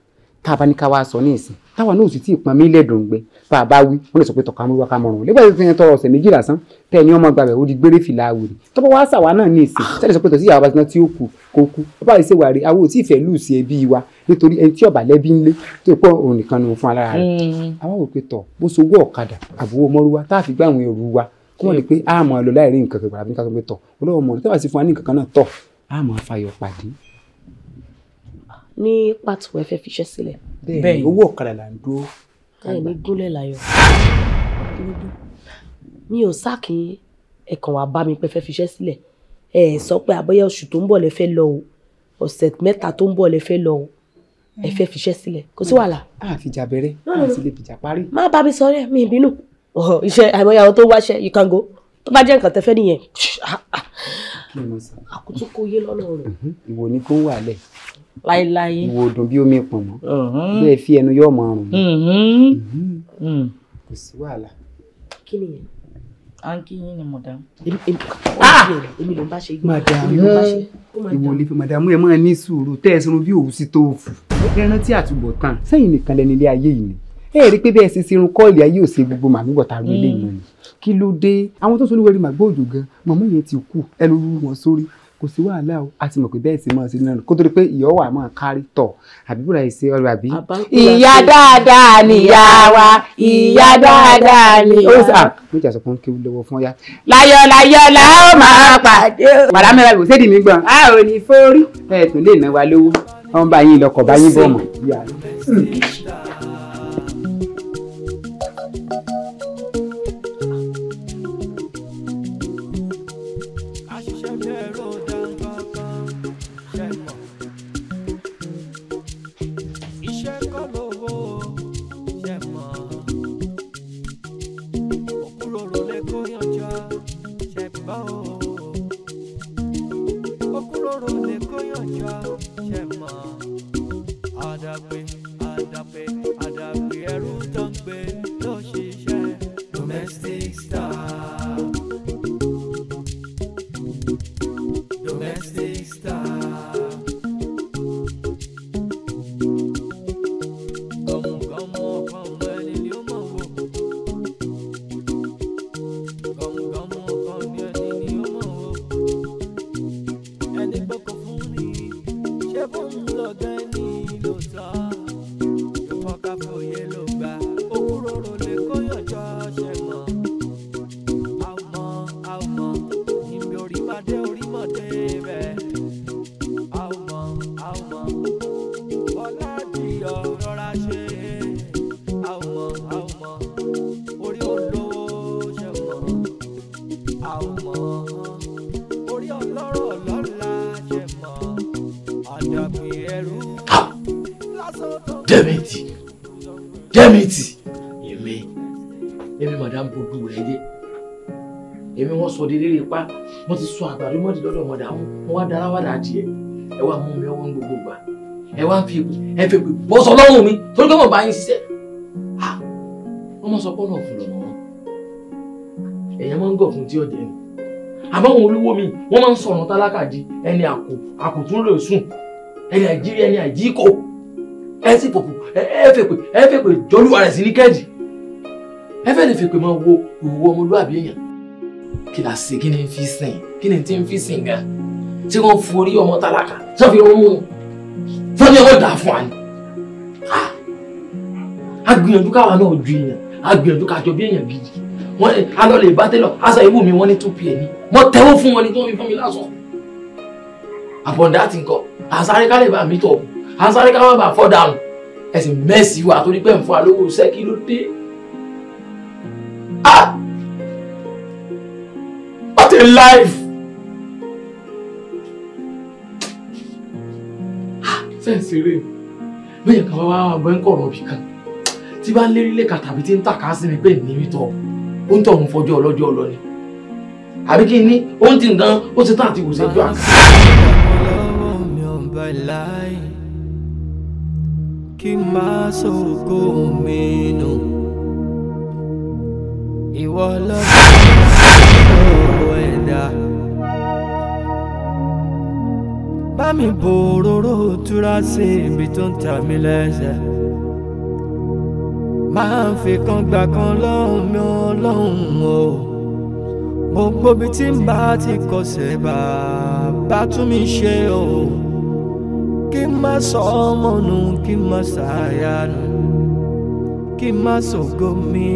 tá a bá ní ká wá sọ ní ìsìn táwa náà ò sì tí ì pọn mílíọ̀dù ń gbẹ tá a bá wí wọ́n lè sọ pé tọ̀ka mú wákà mọ̀rùn nígbà tí wọ́n tọrọ ọ̀sẹ̀ méjì lásán tẹ́ ẹni ọmọ gbàgbẹ́ ó di gbére fìlà àwòrì tọ́pọ̀ wá sàwa náà ní ìsìn sẹ́ni sọ pé tòsí ìyàwó bàtìná tí ó kù kó kú bàbá yìí ṣèwà rí àwọn òtí ìfẹ́ lù sí ẹbí wa nítorí ẹni tí ọ̀bà lẹ́bí ńlé tó pọ̀ òun nìkan ni fún alára rẹ̀ àwọn hmm. òpè tọ̀ bó sowó ọ̀kadà àbúwò mọ́rúwa tá a fi gbá àwọn èrú wa kí wọ́n lè pé a máa lọ láì rí nǹkan kan àbí nǹkan kan pé tọ̀ olówó mọ̀ tẹ́wà sí fún wa ní nǹkan kan a máa fayọ̀ pàdé. ní pàtó ẹ fẹ́ fiṣẹ́ sílẹ̀. bẹ́ẹ̀ owó ọ̀kadà là ń dúró ẹ ní gúnlẹ̀ láyọ̀ mi ò sáàkì ẹ̀kàn wá bá mi pé fẹ́ fiṣẹ́ sílẹ̀ ẹ sọ pé abọ́yá oṣù tó ń bọ̀ lẹ fẹ́ lọ o ọ̀sẹ̀ mẹ́ta tó ń bọ̀ lẹ fẹ́ lọ o ẹ fẹ́ fiṣẹ́ sílẹ̀ kò sí wàhálà. a fìjà bẹ̀rẹ̀ a sì lè fìjà parí. má bá mi sọ rẹ mi ìbínú iṣẹ́ àìmọye àwọn tó wáṣẹ you can go tó bá jẹ́ nǹkan tẹ́fẹ́ nìyẹn àkútúkọ yé lọ́nà rẹ̀. ìwọ ni kó wà lẹ̀ láéláé. ìwò dùn bí omi pọ̀ mọ́ bẹ́ẹ̀ fi ẹnu yóò mọ ọrùn mm. kò sí wàhálà. kí ni yẹn. à ń kí yín ni madam. Ah! èmi ló ń bá ṣe igbó. madam ìwọ lè fi madam ẹ máa ní sùúrù tẹ́ ẹ sọ̀rọ̀ bí òwú sí tóòfù ẹ rántí àtúbọ̀tán sẹ́yìn nìkan lẹni ilé ayé yìí ni ẹ rí i pé bẹ́ẹ̀ ṣe ṣe irun kọ́ọ̀lì ayé òsè gbogbo màmí bọ̀tà ló lè yàn ni kí ló dé àwọn tó sọ lówó rí màgbọ́ òjò gan màmú yẹn ti kú ẹ ló rú wọn sórí kò sí wàhálà o a ti mọ̀ pé bẹ́ẹ̀ ti mọ̀ sí náà kó torí pé ìyọ́ wà máa kárí tọ̀ àbí bùrà ìṣe ọ̀rọ̀ àbí. ìyá dáadáa nìyá wa ìyá dáadáa nìyá wa. méjì àsopọ̀ ń kéwu lọ́wọ́ fún ọyá. láyọ̀ láyọ̀ la ó máa pàdé. wàrà mẹ́ta ló sédìí mi gbọ̀n a ò ní forí. ẹ tún lè ná wa lówó wọn bá yín lọkọ̀ bá yín bọ̀ mọ́. wọ́n ti sọ àgbàdo mọ́dì lọ́dọ̀ mọ́dà wọn wọ́n wá dára wádà adìẹ ẹ wá mú mi ọwọ́ ń gbogbo gbà ẹ wá ń fi èpè ẹ fi èpè bọ́ sọ lọ́rùn mi torí pé mo bá yín ṣiṣẹ́ wọ́n mọ̀ sọ pọ́nà ọ̀fun lọ́nà wọn èèyàn máa ń gọ̀ fún tí ọ̀jẹ̀ ni àbáwọn olówó mi wọ́n máa ń sọ̀rọ̀ tálákà di ẹni àkù àkùtún lè sùn ẹni àjírí ẹni àjíkò ẹ sì pòpò ẹ fèpè ẹ fèpè jọlúwa rẹ̀ sí ní kẹ́ẹ̀dì ẹ fẹ́ lè fèpè máa wo ìwúwo ọmọlúwàbí èèyàn kí la ṣe kí ni fi sìn kí ni tí ń fi sìn gan tí wọ́n forí ọmọ tálákà tí wọ́n fi wọ́n mú un tí wọ́n ní ọmọ dà fún wa ni. a gbìyànjú káwa náà ju èèyàn a gbìyànjú kájọ bí èèyàn gidi wọ́n a lọ lè bá tẹ́lọ̀ aṣọ ìwú mi wọ́n ní two pm ni mo tẹ́wọ́ fún wọn ni tí wọ́n fi fún mi lásán. àbọ̀ǹdà ti ń kọ́ àsáré ká lè bá mi tọ̀ àsáré ká má bàa fọ́ dànù ẹ̀sìn mẹ́sì wa torí pé ń fún wa lówó iṣẹ́ ló dé. life. sẹ́ǹsì rẹ̀ bẹ́ẹ̀ kan wá wá bẹ́ẹ̀ ń kọ̀rọ̀ òbí kan tí bá ń lérí lẹ́ka tàbí tí ń tàka sí mi pé ní rítọ̀ ó ń tọ̀hún fọjọ́ ọlọ́jọ́ ọlọ́ni àbí kí n ní ó ń tì nǹkan ó ti tán àti kò ṣe kí n máa mi nù ìwọ lọ́dún ọ̀rọ̀ ẹ̀ padà. bá mi bò òróró túra sí ibi tó ń ta mí lẹ́sẹ̀. máa ń fi kan gbà kan lọ́hùn mi ọlọ́hùn o. gbogbo ibi tí n bá ti kọsẹ̀ bàbá tún mi ṣe o. kí n má sọ ọmọ nù kí n má ṣàyà nù kí n má sọ̀gọ́ mi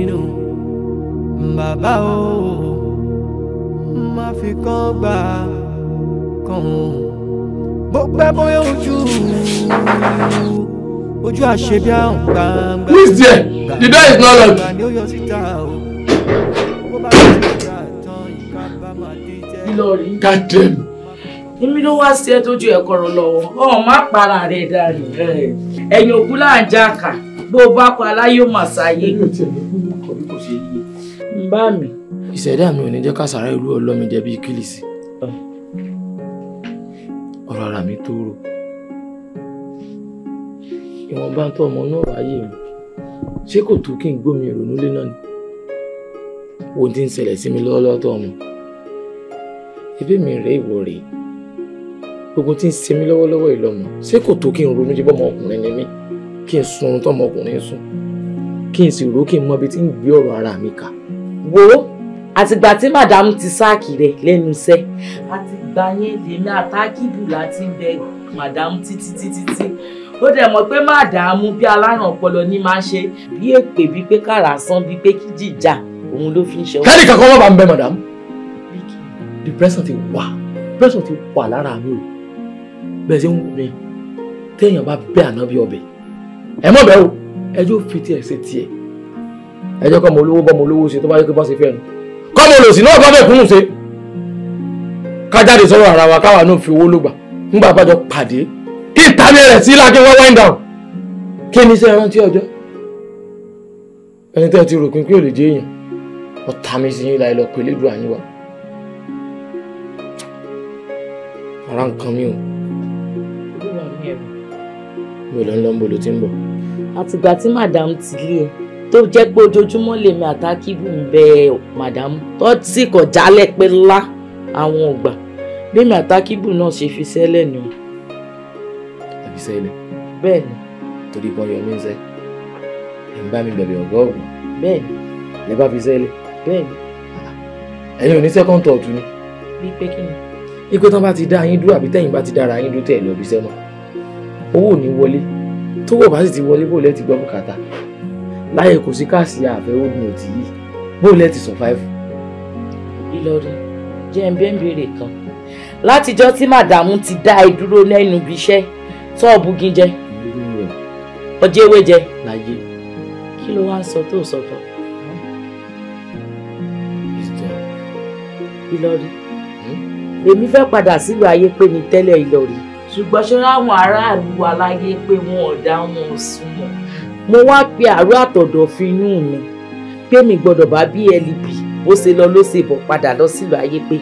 bàbá o fi kán gbà kàn bó pẹ́ bóyá ojú ojú àṣebí àrùn gbangba. who is there the door is not locked. Ìlọrin. God damn èmi ló wá sí ẹ tójú ẹ kọrọ lọ́wọ́ ọ má para rẹ dànù ẹ̀yìn òkú là ń já kà bó o bá pa aláyọ màsáyé. bá mi ìṣẹ̀dá mi ò ní jẹ́ kásàrá irú ọlọ́mi jẹ́ bíi kílìsì ọ̀rọ̀ ara mi tó rò ìwọ̀nba tó ọmọ náà ráyè mi ṣé kò tó kí n gbómi ìrònú lé náà ni wo ti ń ṣẹlẹ̀ sí mi lọ́wọ́lọ́wọ́ tó ọmọ ẹbí mi rèé ìwọ rèé gbogbo tí ń ṣe mí lọ́wọ́lọ́wọ́ ìlọ́mọ ṣé kò tó kí n ronú jí bọ́mọ ni mí kí n sun tọmọ ọkùnrin sùn kí n sì rò kí n mọ ibi tí ń gbé ọ̀rọ̀ ara mi kà wòó àtìgbà tí madam ti sáàkì rẹ̀ lẹ́nu iṣẹ́ àtìgbà yẹn lèmi àtàkìbù láti bẹ madam títí títí tí ó dẹ̀ mọ̀ pé madam bí alárùn ọpọlọ ní máa ṣe bí èpè bíi pé kàràsán bíi pé kí jìjà òun ló fi ń ṣe. kẹ́ni kankan wọ́n bá ń bẹ madam depression ti wà depression ti wà lára mi o bẹ́ẹ̀ ṣe ń wù mí téèyàn bá bẹ́ àná bí ọbẹ̀ ẹ mọ̀ bẹ́ẹ̀ o ẹjọ́ fi tiẹ̀ ṣe tiẹ̀ ẹjọ́ kọ́ mo olówó bọ́ mo olówó ṣe tó bá yẹ kó bá ṣe fẹ́ràn táwọn olòṣì náà bá bẹ̀ kúnnù ṣe kájáde sọ̀rọ̀ ara wa káwa náà fi owó ló gbà ńgbà bájọ pàdé kí ìtàmì rẹ̀ sí lákè wá wind down kí ni iṣẹ́ rántí ọjọ́ ẹni tẹ́ ti rò pín pé ò lè jẹ́ èèyàn ọ̀tá mi sì yín láì lọ pẹ̀lú ìdúrà yín ara nǹkan mi ò mi ò lọ ń lọ ń bọ̀ ló ti ń bọ̀. àtìgbà tí màdàm ti lé ẹ tó jẹ́ pé ojoojúmọ́ lèmi àtàkìbù ń bẹ màdámù tó sì kọ̀ jálẹ̀ pé lá àwọn ọgbà bẹ́ẹ̀mi àtàkìbù náà ṣe fi sẹ́lẹ̀ ni o. àfi sẹ́lẹ̀. bẹ́ẹ̀ni. torí kan yọ mí sẹ́ ẹ̀ ń bá mi bẹ̀bẹ̀ ọ̀gá ọ̀gbọ̀n. bẹ́ẹ̀ni. lè bá fi sẹ́lẹ̀. bẹ́ẹ̀ni. ẹ̀yin ò ní second thought ni. bí pé kí ni. ikú tán bá ti dá yín dúró àbí tẹ̀yìn bá ti dára yín dúró tẹ̀ lọ́ọ́ sẹ́mọ̀ owó ò ní wọlé tówó bá sì ti wọlé bó lẹ́ ti gbọ́ bùkátà láyé kò sí káàsì àfẹ́wọ́gbìn òtí yìí bóun lẹ́ẹ̀tì survive. Ìlọrin jẹ́ ń bẹ́ẹ̀ béèrè kan látijọ́ tí màdàmú ti dá ẹ dúró lẹ́nu ibi iṣẹ́ tó ọ̀bùgín jẹ ọjọ́ ewé jẹ láyé kí ló wá ń sọ tó sọ tán. Ìlọrin hmm? èmi fẹ́ padà sílùú ayé pé mi tẹ́lẹ̀ Ìlọrin. ṣùgbọ́n ṣọ́ra àwọn aráàlú aláyé pé wọn ò dá wọn sùn mọ́ mo wá pe àárọ̀ àtọ̀dọ̀ fi inú mi pé mi gbọ́dọ̀ bá bí ẹlẹ́bì bó ṣe lọ ló ṣe bọ̀ padà lọ sílùú ayé pé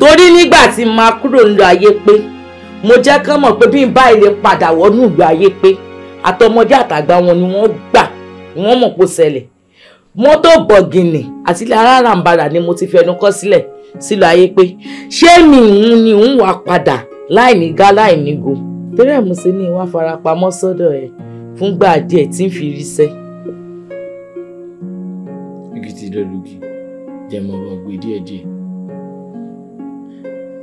torí nígbà tí mo máa kúrò nílùú ayé pé mo jẹ́ kán mọ̀ pé bí n bá ilé padà wọnú ìlú ayé pé àtọmọdé àtàgbà wọn ni wọ́n gbà wọ́n mọ̀ kó ṣẹlẹ̀ mọ́tò bọ̀gìnì àti ilé alárànbarà ni mo ti fẹnu kọ́ sílẹ̀ sílùú ayé pé ṣé mi ìhun ni ń wà padà láì ní gá láì ní go torí ẹ̀ mo ṣe ní ìwà farapamọ́ sọ́dọ̀ ẹ̀ fúngbà díẹ̀ tí ń fi ríṣẹ́. èkìtì lọ́lùkì jẹ́ mọ́ ọ̀rọ̀ gbé díẹ̀díẹ̀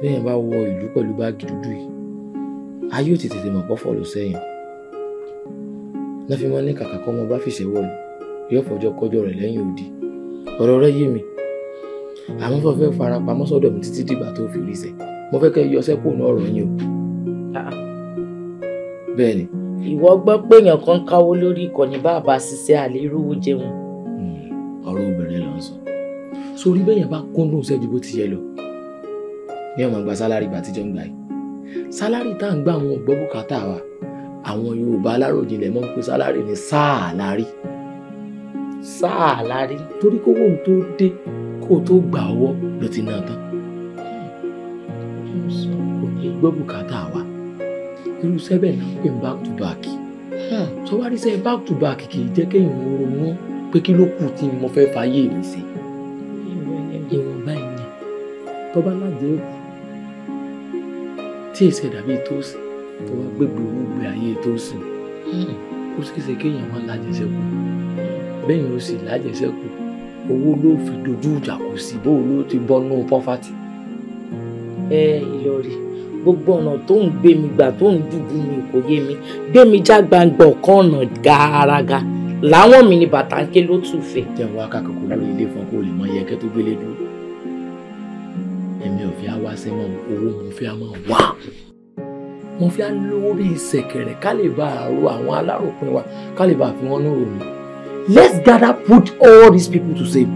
bẹ́ẹ̀ bá wọ ìlú pẹ̀lú báàgì dúdú yìí a yóò ti tètè mọ̀ pọ́fọ́ lọ sẹ́yìn láfi máa ní kàkà kọ́ ọmọ bá fìṣẹ́ wọ̀lú yóò fọjọ́ kọjọ́ rẹ̀ lẹ́yìn òdì ọ̀rọ̀ rẹ̀ yé mi àmọ́ fẹ́ fẹ́ fara pamọ́ sọ́dọ̀ mi títí dìgbà tó fi rí sẹ́ mo fẹ́ kẹ́ yọ sẹ́kù náà ọ̀rọ̀ yín o ah, ah. bẹ́ẹ̀ ni ìwọ gbọ́ pé èèyàn kan káwó lórí ìkànnì bàbá ṣiṣẹ́ àlérúwó jẹun. Hmm, ọ̀rọ̀ obìnrin ló ń sọ sórí bẹ́ẹ̀ yẹn bá kúndùn sẹ́jú bó ti yẹ lọ ní ọmọ gba sálárì ìgbà tíjọ ń gbà yìí sálárì tá à ń gbà àwọn ọ̀gbọ́n bùkátà wa àwọn Yorùbá aláròjinlẹ̀ mọ́ ń pe sálárì ní sáàlárì. sáàlárì. torí kówó ń tó dé kó o tó gbà ọwọ́ ló ti ná tán. gbọ́ bùkátà wa irú sẹ́bẹ̀ náà ń back to back tó hmm. wá rí sẹ́ back to back kì í jẹ́ kéèyàn ronú pé kí ló kù tí mo fẹ́ fàyè mi sí. ìwọ̀n báyìí ni tọ́ba lájẹ òkú tí èsì dàbí tóòsì tó wá gbégbé owó gbé ayé tóòsì hmm. ó ṣeéṣe kéèyàn wọn lájẹsẹ́kù bẹ́ẹ̀ ni ó sì lájẹsẹ́kù owó ló fi dojú ìjà kù sí bóun ló ti bọ́ nú pọ́fàtì. ẹ Ìlọrin gbogbo ọ̀nà tó ń gbé mi gbà tó ń dùbú mi kò yé mi gbé mi já gbangba ọ̀kan ọ̀nà gàràgà láwọn mi ni bàtà ń ké ló tù fẹ́. jẹ́ wá kákòókò lórí ilé fún kó lè mọ iye tó gbélé dúró èmi ò fi wá sẹ́mọ̀ owó mo fi á wá mo fi lówó bíi ṣẹ̀kẹ̀rẹ̀ ká lè bá àrò àwọn aláròpin wa ká lè bá fi wọn ní ròyìn let's gather put all these people to save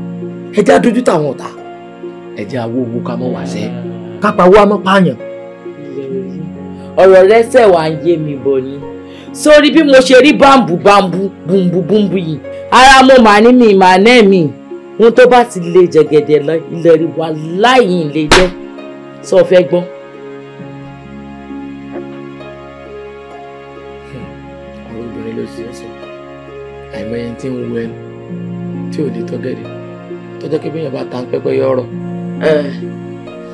ẹ jẹ́ àdójútà àwọn ọ̀tá ẹ jẹ́ àwọ̀ owó ká mọ̀ wá sẹ́ ká pa owó àmọ́ pààyàn ọ̀rọ̀ rẹ ṣẹ̀ wá ń yé mi bọ̀ ni sórí bí mo ṣe rí bámbù bámbù bùnbù bùnbù yìí ara mo mà ní mi mà náà mi ohun tó bá ti lè jẹ̀gẹ̀dẹ̀ lọ ilẹ̀ rí wa láyìn lè jẹ́ sọ fẹ́ gbọ́n. Hmm. ọ̀rọ̀ obìnrin ló ti sọ àìmọye tí ń wo ẹnu tí ò lè tọ́gẹ̀dẹ̀ tọ́jọ́ kí bíyàn bá ta ń pẹ́pẹ́ yọ̀rọ̀. ẹ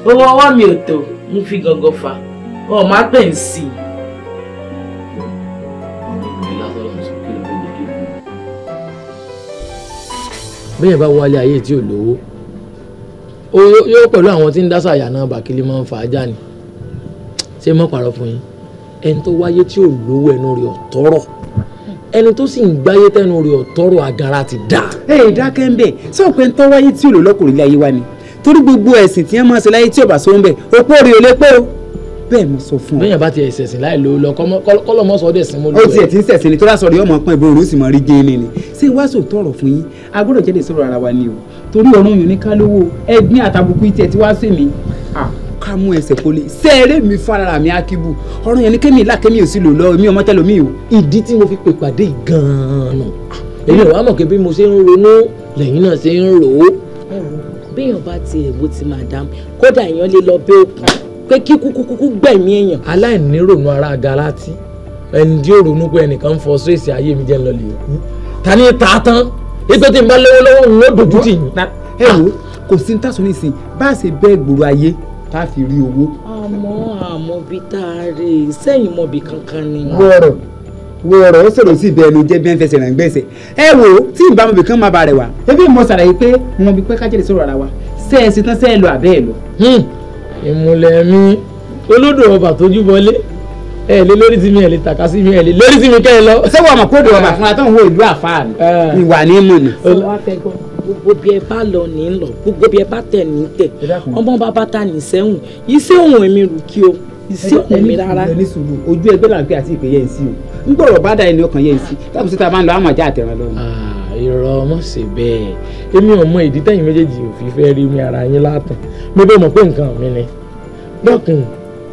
owó ọwọ́ mi ò tó mo fi gangan fà á ọ máa pè ń sí i. bẹ́ẹ̀ bá wálé ayé tí ò lówó yóò pẹ̀lú àwọn tí ń dásà àyà náà bàkílì máa ń fa ajá ni ṣé mọ́ pàrọ̀ fún yín ẹni tó wáyé tí ò lówó ẹnu rẹ̀ ọ̀tọ́rọ̀ ẹni tó sì ń gbáyé tẹnu rẹ̀ ọ̀tọ́rọ̀ agara ti dà. ẹ ẹ dákẹ́ ń bẹ̀ sọ pé ń tọ́ wáyé tí ò lò lọ́kùnrin láyé wá ni torí gbogbo ẹ̀sìn tí wọ́n máa ṣe láyé tí ò bá sóun bẹ̀ òpó rèé ò bẹ́ẹ̀ mo sọ fún ọ. bẹ́ẹ̀ bá ti ẹ̀sẹ̀ sìn láì lo lọ kọ́lọ́mọ sọ ọ́dẹ̀ sìn mo lọ. ó tiẹ̀ ti ń sẹ̀sìn ni tó lásọ̀rọ̀ yóò mọ̀ pọ́n ìbò òrùn sì mọ̀ rí géèlì ni ṣé wá sò tọrọ fún yín agbọ́dọ̀ jẹ́ lè sọ̀rọ̀ ara wa ni o torí ọ̀run yìí ní kálówó ẹgbẹ́ àtàbùkù tiẹ̀ ti wá sí mi ká mú ẹsẹ̀ kó lè sẹ́ẹ̀rẹ́ mi fara mi akíbu ọ̀rọ̀ yẹn ni kémi ìlà kémi ò sí lò lọ mi ọmọ tẹ́lẹ̀ mi o. ìdí tí mo fi pè pàdé gan-an nù èmi ò wá mọ̀ pé bí mo ṣe ń ronú lẹ́yìn náà ṣe ń rò ó. béèyàn bá tiẹ̀ wo ti madam kódà èèyàn lè lọ bẹ́ẹ̀ kù pé kí kúkúkú gbẹ̀mí èèyàn. aláìní ronú ara galati ẹni tí ó ronú pé ẹnìkan ń fọ sóèsì ayé mi jẹ́ ń lọ lè kú ta ni ta tán ètò tí n bá lówó lọ́wọ́ n ó dojú tì yín. ẹ wo kò sí ní tásán nísìnyí bá a ṣe bẹ́ẹ̀ gbòòrò ayé tá a fi rí owó. àmọ́ àmọ́ bíi tá a rè é sẹ́yìn mọ̀ bíi kankan ni. wọ́ọ̀rọ̀ wo ọ̀rọ̀ ó sọ̀rọ̀ sí ibẹ̀ ló jẹ́ bí wọ́n fẹsẹ̀ rẹ̀ ń gbẹ̀sẹ̀ ẹ wo tí n bá mo bìkan máa ba rẹ̀ wá ebi mo ṣàlàyé pé mo bí pé kájẹ́lẹ̀ sọ̀rọ̀ ara wa ṣe é ṣetán ṣe lọ àbẹ́ lọ. Hmm ìmùlẹ̀ mi olódò ọba tójú bọlé ẹ lé lórí tí mi ẹ lè tàka sí mi ẹ lè lórí tí mi kẹ́ ẹ lọ. ṣé wàá mọ̀ kó dùn ọba fúnra tó ń wo ìlú àfáà mi ìwà ní mò ní. gbogbo bí ẹ bá lọ ní lọ gbogbo bí ẹ bá tẹ̀ ní tẹ̀ ọmọ bàbá ta ní sẹ́wọ̀n iṣẹ́ òun èmi rù kí o iṣẹ́ òun mi rárá. ẹni sùúrù ojú ẹgbẹ́ làǹkẹ́ àti ìpè yẹn sí o ń gbọ́dọ̀ bá dà ẹni ọkàn yẹn sí tábùsí ta máa ń lọ àmọ̀já àtẹ̀ràn lọ́wọ́ irọ́ ọmọ ṣe bẹ́ẹ̀ èmi ò ìdí tẹ̀yìn méjèèjì ò fi fẹ́ rí mi ara yín látàn mo bẹ́ẹ̀ mọ̀ pé nǹkan mi ni dọ́kun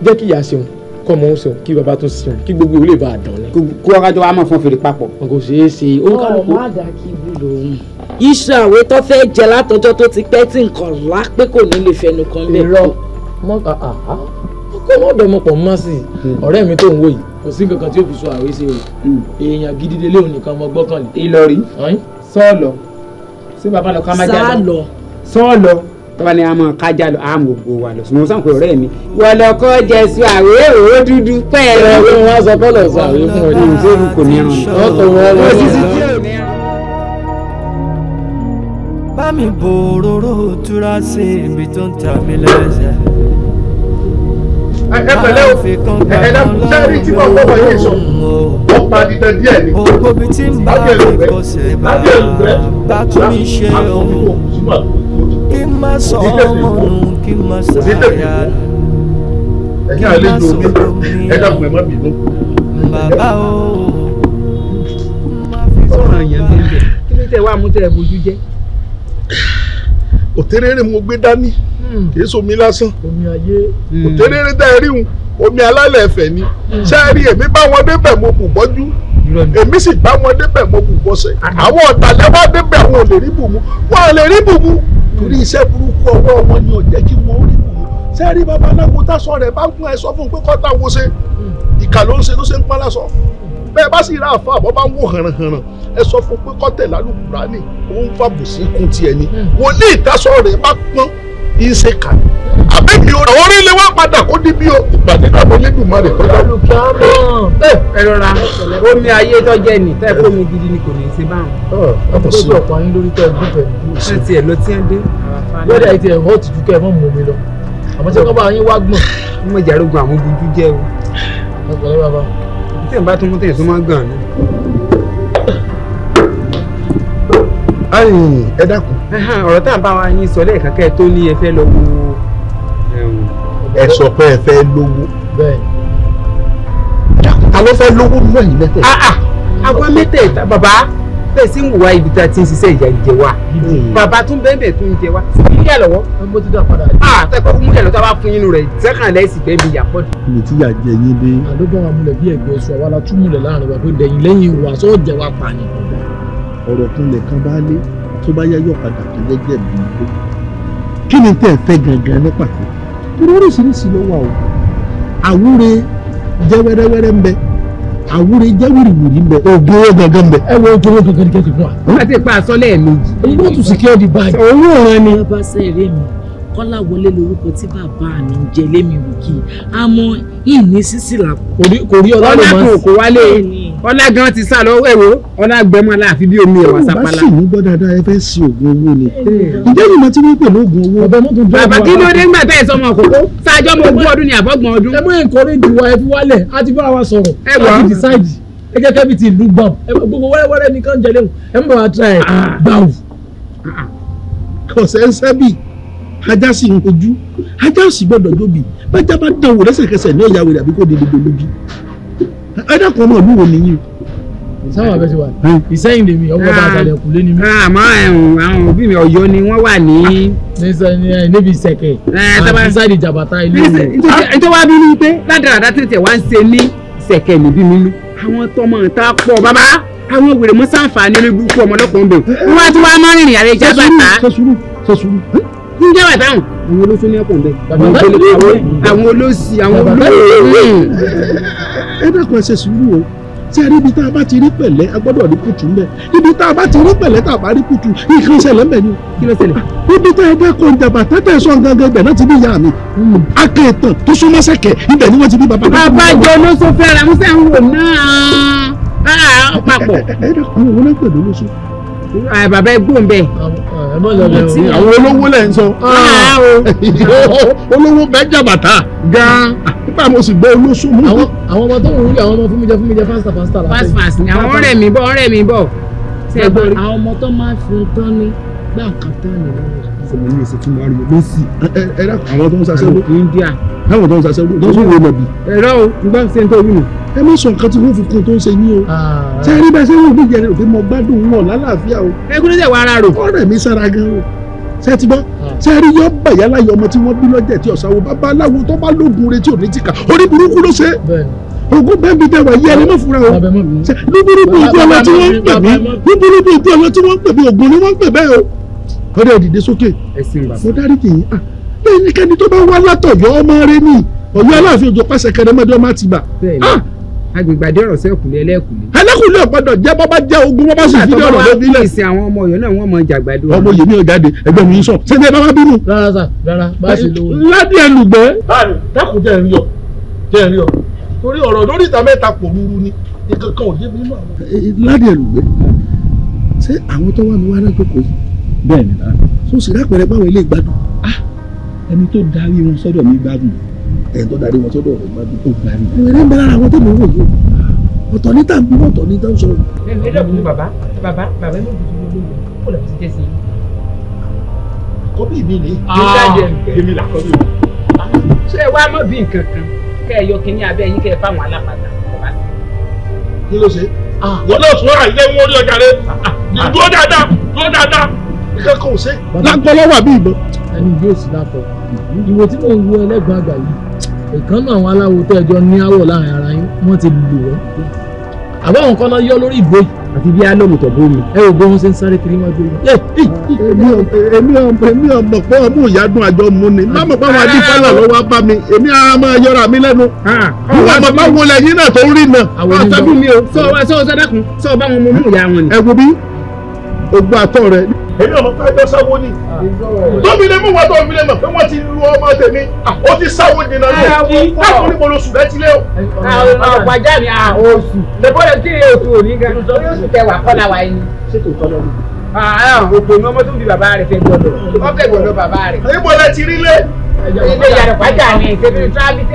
jẹ́ kí ìyá ṣeun kọ́ ọmọ ṣeun kí bàbá tún ṣeun kí gbogbo ìwé bá a dán ni. kó ọkájọ wa máa fọn fèrè papọ̀. kò ṣeé ṣe olúkálùkù. ọmọ àdá kí ibú lòun. iṣan àwẹ tó fẹ́ jẹ látọjọ́ tó ti pẹ́ tí nǹkan lá pé kò ní lè fẹnu kan bẹ́ẹ̀. irọ́ mọ́ kó mọ́ bẹ̀ mọ́ sí i hmm. ọ̀rẹ́ mi tó ń wò yìí kò sí nǹkan tí ó fi so àwé sí o hmm. èèyàn gidi lélẹ́yìn nìkan mọ́ gbọ́kànlé. ìlọrin sọ́ọ̀lọ̀ sí bàbá lọ ká má já lọ sọ́ọ̀lọ̀ tọ́ba ni a mọ̀ kájà lọ a gbogbo wa lọ sùnmọ́ sànkó ọ̀rẹ́ mi. wọlọkọ jẹsùn àwé òwò dúdú pẹ́ẹ́rẹ́. ẹ̀rọ wọn sọ bọ́ọ̀lù ọ̀sán àwé fún ọ ní ìṣèlú kò ní ẹran. ọkọ̀ wọn lọ sí ti ẹ̀rọ bá mi bòróró túra sí ibi tó ń ta mi lẹ́sẹ̀ ẹ pẹ̀lẹ́ o ẹ dá sẹ́rí tí mo gbọ́ wọ̀nyí sọ wọ́n pa dídán díẹ̀ ni lábẹ́ ìlúgbẹ́ lábẹ́ ìlúgbẹ́ láti àkókò símọ̀ kí n má sọ ọmọ òun kí n má ṣàyà ẹ̀yin àlejò mi ẹ dàpọ̀ ẹ má bínú. bàbá o. ọ̀ràn yẹn ló ń bẹ̀ kí ló tẹ̀ wá mú tẹ̀ bójú jẹ́ òtérèrè mo gbé dání hmm. kì í somi lásán òtérèrè dá ẹ rí hun omi alálẹ̀ ẹ̀fẹ̀ ni hmm. ṣé ẹ rí èmi bá wọn débẹ̀ mo kù bọ́jú èmi sì bá wọn débẹ̀ mo kù bọ́sẹ̀ àwọn ọ̀tàlẹ̀ wá débẹ̀ wọn ò lè rí bùnmu wọn ò lè rí bùnmu torí iṣẹ́ burúkú ọwọ́ wọn ni ò jẹ́ kí wọ́n rí bùnmu ṣé ẹ rí babaláwo tásọ rẹ̀ bá gún ẹ sọ fún un pé kọ́ta wo ṣe hmm. ìkà ló ń ṣe ló ṣe ń pa lásọ bẹ́ẹ̀ bá sì ra àfa àbọ̀ bá ń wò hànàhànà ẹ sọ fún pé kọ́tẹ̀ lálùkùránì ó ń fàbò sí ikú tiẹ̀ ni hmm. wòlíì ìtasọ̀ rẹ̀ bá pọ́n ìṣe kà àbẹ́bí o àwọn orílẹ̀ wa padà kó di bí o ìpàdé àbọ̀ lẹ́dùnmarè tó dájú. ẹ rọra ó ní ayé tọ́jẹ́ ni tẹ́ kó mi gidi ni kò ní í ṣe báwọn. ọ̀pọ̀ sí ọ̀pọ̀ ayé lórí tẹ́ ẹ gbọ́dọ̀ ẹ̀ ṣe tiẹ̀ ló tiẹ̀ dé. lọ́dẹ̀ àìtẹ̀ ẹ̀họ́ ti dúkẹ́ ẹ̀ mọ́ mọ́ gbọ̀n. àwọn ojú jẹ́ o. ọ̀pọ̀ lọ́wọ́ bá wọn tí ẹ̀ bá tún mú tẹ̀yẹ̀ tó máa gbà ní. ayin ẹ dákun. ọ̀rọ̀ tá à ń bá wa yín sọ lẹ́ẹ̀kan kẹ́ ẹ tó ní ẹ fẹ́ lọ wo. ẹ sọ pé ẹ fẹ́ lówó. ta ló fẹ́ lówó lóyìn mẹ́tẹ̀ẹ̀ta. Ah, ah, àwa mẹ́tẹ̀ẹ̀ta bàbá bẹ́ẹ̀ sí ń wà ibi tá a ti ń ṣiṣẹ́ ìyà ń jẹ wá bàbá tún bẹ́ẹ̀ bẹ́ẹ̀ tún ń jẹ wá ìyá lọ́wọ́. mo ti dá padà yìí. a tẹkọ fún múlẹ̀ lọ́tọ́ bá fún yín rẹ̀ sẹ́kànlẹ́ sì bẹ́ẹ̀ mi yàpọ̀. mi ti yà jẹ yín dé. àdógbò wa múlẹ̀ bí ẹ̀gbẹ́ sọ wa la tún múlẹ̀ láàrin wa pé dẹ̀yìn lẹ́yìn wa sọ jẹ wa pa ni. ọ̀rọ̀ kunlẹ̀ kan bá lé tó bá yá yọ̀ padà tó jẹ́ jẹ́ mi nígbó. kí ni o àwúre jẹ́ àwúre jẹ́ wìrìwìrì bẹ̀. oògùn owó gangan bẹ̀. ẹ wo ojú owó gangan kẹ́kẹ́ fún wa. wọ́n ti pa àsọ́lẹ̀ méjì. èyí ló tún sì kí ọ́ di báyìí. òun ò ni. ọba sẹ́ẹ̀rẹ́ mi kọ́láwọlé lorúkọ tí bàbá mi ń jẹ lémi wò kí àmọ́ ìní sísì là kò rí ọlá ló mọ sí. ọlá kò wálé ọlá gan ti sá lọ ẹ̀wọ̀ ọlá gbẹmọ láàfin bí omi ẹ̀wà sápálá. ọba sì ní gbọ́ dáadáa ẹ fẹ́ sí oògùn owó ni ǹjẹ́ yìí mo ti ní pẹ̀lú oògùn owó. bàbá kí ló dé ńgbà tẹ́ ẹ sọmọ kókó sáájọ́ mo ogún ọdún ni àbọ̀gbọ̀n ọdún. ẹ mọ ìkórè ìdìwọ̀ ẹ fi wálẹ̀ á ti bára wa sọ̀rọ̀ á ti decide ẹ jẹ́ kẹ́bi ti ìlú gbọ̀n gbogbo wẹ́rẹ́wẹ́rẹ́ nìkan jẹ léwu ẹ ń bọ̀ wá tra ẹ̀ gbàù. kọ̀sẹ̀ ń sẹ́bì ajá sì ń kojú ajá sì gbọ́dọ̀ jóbi bájá bá dán wò lẹ́sẹ̀kẹsẹ̀ ní ọ̀yà wèrè àbí kò dédé dolójú adákan ọmọ ìlú wo nìyí o. sáwọn abẹ́ ti wà ní ìsẹ́yìn lèmi ọkọ̀ bá àtàlẹ̀ kù lé ní mi. Ah, àmọ́ àwọn òbí mi ọ̀yọ́ ni wọ́n wà ní. Ah, níbi ìsẹ̀kẹ̀ àti eh, ah, ìjàbàtà ilé mi. nítorí wàá bínú pé ládàradà tètè wá ń ṣe ní ìsẹ̀kẹ̀ níbí mímú àwọn tọmọ ta pọ̀ bàbá àwọn wèrè mọ́ sáǹfà ní orí burúkú ọmọ ọlọ́pàá ń bẹ̀ wọ́n wá tún wá mọ́rìnrìn àrẹ ìjàbàtà. sọ sùúrù sọ sùúrù ń jẹ́ bàtà hàn. àwọn olóṣù ní ẹ̀pọ̀ nbẹ. àwọn olóṣì àwọn olóṣì. Hmm. ẹ dákun ẹ ṣe sùúrù o tí a rí ibi tá a bá ti rí pẹ̀lẹ́ a gbọ́dọ̀ rí kùtù ń ibi tá a bá ti rí pẹ̀lẹ́ tá a bá rí kùtù nǹkan ṣẹlẹ̀ ń bẹ̀ ni. kí ló ṣẹlẹ̀. ibi tá a dẹ́ kọ ìjàmbá tẹ́tẹ́ sọ gangan ibẹ̀ náà ti bí ìyá mi. Hmm. akẹ́tàn tó súnmọ́ sẹ́kẹ̀ ibẹ̀ ni wọ́n ti bí bàbá. bàbá jọ ló sọ fẹ́ ara ń sẹ́ ń wò náà. ẹ ẹ dẹ́kun lóṣù. Ah, bàbá ẹgbọ́n bẹ́ẹ̀. Ah, ah, àwọn olówó lẹ̀ ń sọ. olówó bẹ́ẹ̀ jàbàtà gan-an nígbà mo sì gbọ́ olóṣù mú. àwọn ọmọ tó ń wúlò àwọn ọmọ fún mi jẹ fún mi jẹ fásità fásità. fásità fásità àwọn ọ̀rẹ́ mi bọ̀ ọ̀rẹ́ mi bọ̀. àwọn ọmọ tó máa fi tán ní gbàǹkan tán nìyẹn fún mi ní ìsìn tí mo ariwo ló sì ẹ dá àwọn tó ń sasẹ́ ló India àwọn tó ń sasẹ́ ló tó ń sọ wọn nàbí. ẹ rà o nígbà tí ń tọ́ wí nù. ẹ má sọ nǹkan tí wọ́n fi kún tó ń ṣe yín o. Ah, ṣé ẹ rí bá ṣé wọ́n fi jẹrẹ òfin mọ gbádùn wọn lálàáfíà o. ẹ kúrò sẹ́wọ̀ ara rò. ọ̀rẹ́ mi sára gan o. ṣé ẹ ti gbọ́ ah. ṣé ẹ rí yọ bàyá láyé ọmọ tí wọ́n bí lọ́jẹ̀ tí ọ̀sáwó babaláwo tó bá lóògùn retí òní tìkà orí burúkú ló ṣe ogún bẹ́ẹ̀bi tẹ wà yẹ ẹni mọ̀ fúnra o ní burúkú ikú ọmọ tí wọ́n ń pè mí ní burúkú ikú ọmọ tí wọ́n ń pè mí ògùn ni wọ́n ń pè bẹ́ẹ̀ o ọ̀rẹ́ dìde sókè mo dáríjì yín ah, ẹnikẹ́ni tó bá wá látọ̀yọ́ ọmọ rẹ ní ọ̀yọ́ aláàfin òjò pàṣẹ kẹrẹmọdé ọmọ àti bà. Ah! agbègbàdé ọ̀rọ̀ sẹ́kùnlé ẹlẹ́kùnlé. ẹlẹ́kùnlé ọ̀gbọ́dọ̀ jẹ́ bọ́ bá jẹ́ ogun bọ́ bá sì fi dé ọ̀rọ̀ lóbi lẹ̀. ìsìn àwọn ọmọ ọ̀yọ́ náà wọ́n mọ jàgbàdo. ọmọ yèmí ọ̀jáde ẹgbẹ́ mi ń sọ ṣé ẹ bá wá bínú. rárá rárá bá ṣe lówó. ládì ẹlùgbẹ́. báyìí dákun jẹ́ ẹ̀rí ọ̀ jẹ́ ẹ̀rí ọ̀ torí ọ̀rọ̀ lórí ìta mẹ́ta pò rúru ni nǹkan kan ò dé bínú àwọn. ládì ẹlùgbẹ́ ṣé àwọn tó wà mí wá náà jókòó yìí bẹ́ẹ̀ ni so sì rápẹrẹ báwọn ilé gbádùn. ah ẹni tó darí wọn sọ́dọ̀ mi gbádùn. ẹni tó darí wọn sọ́dọ̀ mi gbádùn. ó gbádùn. wẹ̀rẹ̀ ń bẹ lára wọn tó mọ̀ wò yìí ọ̀tọ̀ ní tàbí ọ̀tọ̀ ní tàbí sọ̀rọ̀. ẹ ẹ dẹ́kun bàbá bàbá bàbá ẹ mọ̀ tuntun ló lò ó lọ sí jẹ́sí. àkọ́bí mi ni. Ah. èmi làkọ́bí mi. ṣé ẹ wá mọ̀ bí nǹkan kan kẹ́ ẹ yọ kínní abẹ́ yín kẹ́ ẹ fáwọn alápàdà ọ̀bá. kí ló ṣe. Ah. wọ́n náà sọ àìlẹ́wọ̀n orí ọjà rẹ̀ ah. dúró dáadáa dúró dáadáa ìjà kan ò ṣe. lágbọ́n lọ́wọ́ àbí ìbọn. ẹni yóò sì lápọ̀ ìwò tí mò ń wo ẹlẹ́gbọ̀n àgbà yìí ìkan náà àwọn aláwo tó ẹjọ́ ní àwọ̀ láàrin ara yín wọ́n ti lù wọ́n. àbá àwọn kan náà yọ lórí ìbò yìí àti bí alóòmùtọ̀ bómi ẹ ò gbóhùn sí ń sáré kiri wájú yìí. èmi èmi ọmọ pé ọdún ìyádùn àjọ mu ni má mọ̀ pé àwọn adífálà lọ́wọ́ bá mi èmi á máa yọra mi lẹ́nu. nígbà mọ̀ bá wọlé yín náà tó rí náà. àwọn ọ̀tọ́ bí mi ò sọ ọ sọ ọ sọ dákun sọ ọ bá wọn mú ìyá wọn ni. ẹ wo bí ogbó atọ́ rẹ èmi ọmọ fẹjọ sáwó ni tóbi mú wọn tó fi pé wọn ti lu ọmọ tèmi ah, ó ti sáwó dènà rẹ káàkiri níbo lóṣù rẹ ti lé o. ọ̀pọ̀ mi ah, oṣù lẹ́bọ̀ lè kí oṣù òní gan oṣù kẹwàá kọ́lá wa yín. ṣètò ìtọ́lọ́ mi. òpò ah, ni ọmọ tó ń bi bàbá rẹ fẹ́ gbọ́dọ̀ wọ́n fẹ́ gbọ́dọ̀ bàbá rẹ. níbo lẹ ti rí lé. ilé ìyàrá pàjá mi ìṣèlú tí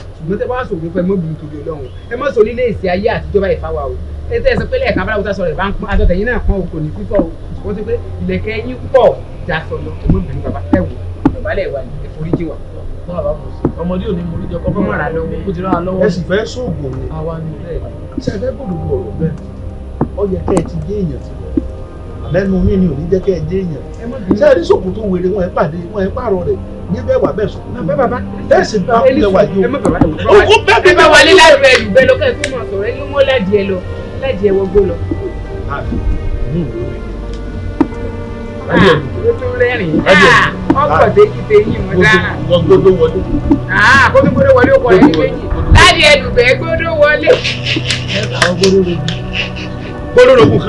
ṣùgbọ́n tẹ́ bá wá sòwò pẹ́ mọ́bìlì tòbí ọlọ́run ẹ má sọ nílé ìsì ayé àtijọba ìfáwa o ẹ tẹ́ ẹ sọ pé lẹ́ẹ̀ka abáláwo tá a sọ̀rọ̀ ẹ̀ bá ń pọ́n aṣọ tẹ̀yìn náà pọ́n o kò ní pípọ̀ o wọ́n ti pé ìlẹ̀kẹ̀ yín pọ̀ já sọ lọ ọmọbìnrin bàbá ẹ wò ìbálẹ̀ wa ni ẹ̀fọ́rí jí wa. ọmọdé ò ní mo lójó kọ́kọ́ mọ́ra lọ́wọ́ ó ti rán wa lọ́wọ́. ẹ sì fẹ́ sóògùn ni. àwa ni bẹ́ẹ̀ ṣe fẹ́ bòdòdó ọ̀rọ̀ bẹ́ẹ̀ ọ yẹ ẹ ti dé èèyàn níbẹ̀ wà bẹ́ẹ̀ sọ. bẹ́ẹ̀ sì bá ilé wà yìí o. òkú bẹ́ẹ̀ bí bá wọlé láàrú ẹ̀rù bẹ́ẹ̀ lọ kẹ́kẹ́ fún ọ̀sọ̀rọ̀ ẹni mọ́ láàdì lọ láàdì wọgbó lọ. ètò rẹ́rìn gbogbo wọlé. gbogbo wọlé ọkọ̀ rẹ̀ ní méjì. gbogbo wọlé. gbogbo rogun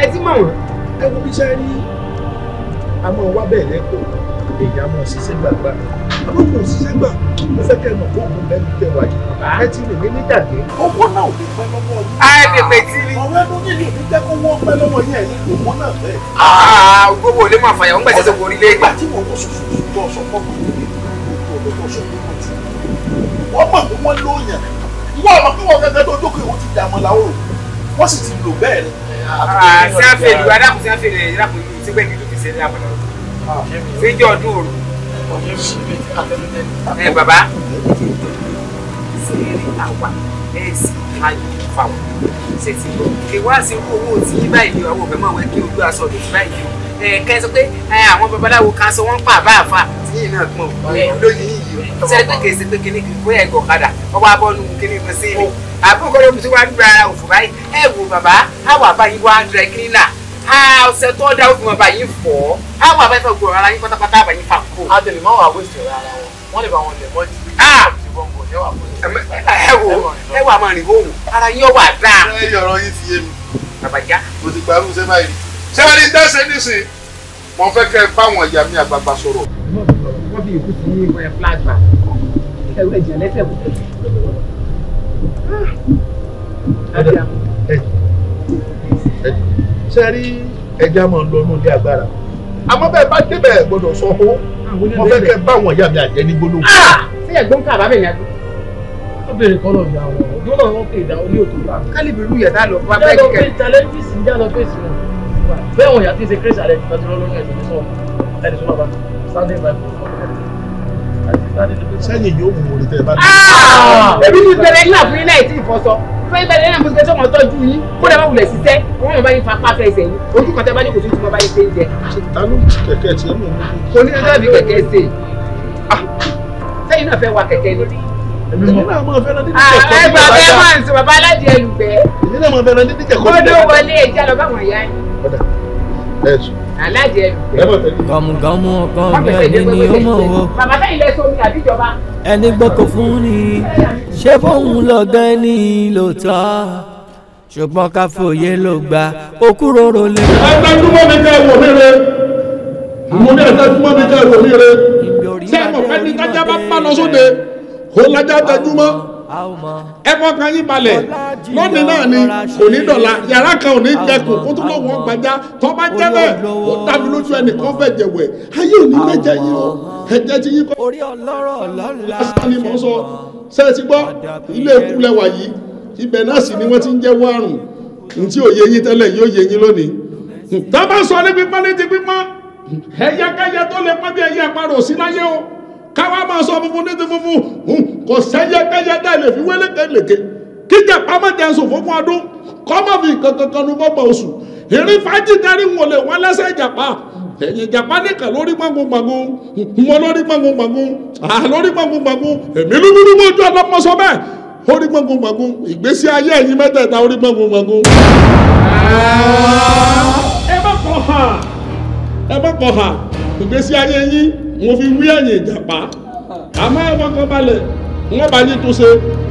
ẹ ti mọ̀ wọ́n. ẹ wo bí sẹ́ẹ̀ ní àmọ́ wa bẹ́ẹ̀ lẹ́kọ̀ọ́ èèyàn mọ̀ ṣiṣẹ́ gbàgbà àwọn kò ṣiṣẹ́ gbà mo fẹ́ kẹ́ mọ̀ kóògùn mẹ́rin tẹ wà yìí ẹ ti lè ní níjàdé. owó náà ò fi pẹ́ lọ́wọ́ yìí. a lè pè tí. ọ̀rẹ́ tó ní ìlú jẹ́ kó wọ́n pẹ́ lọ́wọ́ yìí ẹ̀ ní owó náà fẹ́. Ah, gbogbo olè máa fàyàwó gbẹ̀sẹ̀ tó gorí lé. ìgbà tí mo wọ́n sọ fún mi tó sọ mi wọ́n mọ̀ pé wọ́n lóyàn wọ́n ti wọ́n sì síjọ́ ọdún òru. ẹ bàbá sèré àwa bẹ́ẹ̀ sì ayò fàwọn ṣètì gbọ́. ìwà sí owó tí yí báyìí àwọn òbẹ̀ mọ̀ wẹ́ kí ojú aṣọ òdòdó báyìí o. ẹ kẹ́ sọ pé àwọn babaláwo kan sọ wọ́n ń pa àbá àfa tí yìí náà pọ̀ lóyún yìí o. ṣé pé kì í ṣe pé kíní kìí bóyá ẹ̀gọ́ kadà ọwọ́ abọ́nu kíní kan sí ni. Oh. àbúkọ́ ló mú sí wá gbára òfò báyìí ẹ wò bàbá àwọ̀ àbáyé wá dra kíní Ah, ọ̀sẹ̀ tó dá òfin ọba yìí fọ́ ah, àwọn àbáyé fẹ́ gbòòrò ara yín pátápátá àbá yín fà kó. àtẹlẹ mọ wà wẹsẹ rẹ ara wọn wọn lè bá wọn lè mọjú. ẹ wo ẹ wà máa rìn hóhùn ara yín ọwọ àdá. ẹ yọ ọ̀rọ̀ yín ti yé mi. àbàjá. mo ti gbàrú ṣé báyìí ṣé wọn ní dáṣẹ nísìn mo fẹ́ kẹ́ báwọn ìyá mi àgbààgbà sọ̀rọ̀. wọ́n fi ìkú sí ìwé flashback ẹ̀rọ ẹ̀jẹ̀ sẹ́rí ẹja máa ń lọ inú ilé agbára àmọ́ bẹ́ẹ̀ bá débẹ̀ gbọ́dọ̀ sọ ọ́ mo fẹ́ kẹ́ bá àwọn ìyá mi àjẹ́ ní gbólóhùn. Ah! ṣé ẹ̀gbọ́n ká àbábẹ̀ ni a ó béèrè kọ́ lọ́ọ̀dù àwọn ọ̀dọ́ náà wọ́n pè dá orí òtò wa. kálíbì rú yẹ̀dá lọ fún abẹ́ kíkẹ́. yàtọ̀ pé talẹ́ntìsì ń lọ fèsì wọn. bẹ́ẹ̀ wọn yàtí ṣe kérésì àlẹ́ ìtọ́jú lọ́lọ́run ẹ̀sìn ní sọ́ọ̀ sẹ́yìn yóò mú orí tẹ́ bá dé. Ah! èmi ti bẹ̀rẹ̀ iná fún iná ìtì ìfọsọ fún ìbẹ̀rẹ̀ iná mọ̀tò tẹ́sán tọ́jú yín kó lè má wulẹ̀ ṣiṣẹ́ wọ́n mọ̀ bá yín fa pápẹ́ ẹsẹ̀ yín ojú kan tẹ́ bá ní kò tún tún mọ́ bá yín ṣe ń jẹ. ta ló kẹ̀kẹ́ tiẹ̀ mọ̀ mọ́. kò ní ẹjọ́ bí kẹ̀kẹ́ ṣe ah! sẹ́yìn náà fẹ́ wa kẹ̀kẹ́ ni èmi náà máa fẹ́ràn dídí kẹ̀kọ́ ah, nígbà bàjá. àgbà bẹ́ẹ̀ máa ń sọ bàbá aládìẹ ẹlùgbẹ́. èmi náà máa fẹ́ràn dídí kẹ̀kọ́ nígbà bàjá. kó ló wọlé ìjà lọ báwọn ìyá yín. ẹ sùn gọmùgọmù ọkàn rẹ ni ni ó mọ̀ o. ẹni gbọ́kọ̀ fún ni ṣé bóun lọ́gán ní lóòótọ́ ṣùgbọ́n ká fòye ló gba òkúròrò lè. ẹgbẹ́ túmọ̀ mi jẹ́ ìwò mi re mo ní ẹgbẹ́ túmọ̀ mi jẹ́ ìwò mi re ṣé mo fẹ́ ní tájá bá pa lọ sóde kó lájá tẹjú mọ́ ẹ fọkàn yín balẹ̀ lónìí náà ni kò ní dọ̀la yàrá kan ò ní jẹkùn kó tó lọ́wọ́ gbajá tó bá jẹ́ bẹ́ẹ̀ ó dábí lójú ẹnìkan fẹ́ jẹ̀wẹ̀ ayé ò ní mẹ́jẹ yín o ẹ̀jẹ̀ ti yín kọ́. orí ọlọ́rọ̀ lọ́la ni mo sọ ṣe é ti gbọ́ ilé ikú lẹwà yìí ibẹ̀ náà sì ni wọ́n ti ń jẹ́wọ́ àrùn ntí ò yé yín tẹ́lẹ̀ yóò yé yín lónìí tá a bá sọ ní pípọ́n ní ti pípọ́n ẹ̀yà káyà tó lè pọ́n bí ẹ̀yà àparò sí láyé o káwá máa sọ funfun ní ti funfun kò sẹ́yẹ́kẹ́yẹ́ dá lè fi wélé kẹ́lẹ́kẹ́ kíjà pàmẹ́jẹ sùn funfun ọdún kọ́mọ̀ fi kankan nu bọ́gbọ̀ oṣù ìrìn fàájì darí wọn lè wọn lẹ́sẹ̀ ìjàpá ẹ̀yìn ìjàpá nìkan lórí gbàngbàngbàngbò wọn lórí gbàngbàngbàngbò à lórí gbàngbàngbàngbò èmi lúgbúlúgbú ojú ọlọ́mọ sọ bẹ́ẹ̀ orí gbàngbàngbàngbò ìgbésí ayé ẹ̀yin mẹ́tẹ̀ẹ̀ta orí gbàngbàngbàngbò. Ah! ẹ má kọ̀ hà ẹ má kọ̀ hà ìgbésí ayé yín mo fi wí ẹ̀yìn ìjàpá àmọ́ ẹ fọkàn balẹ̀ wọ́n bá yín túnṣe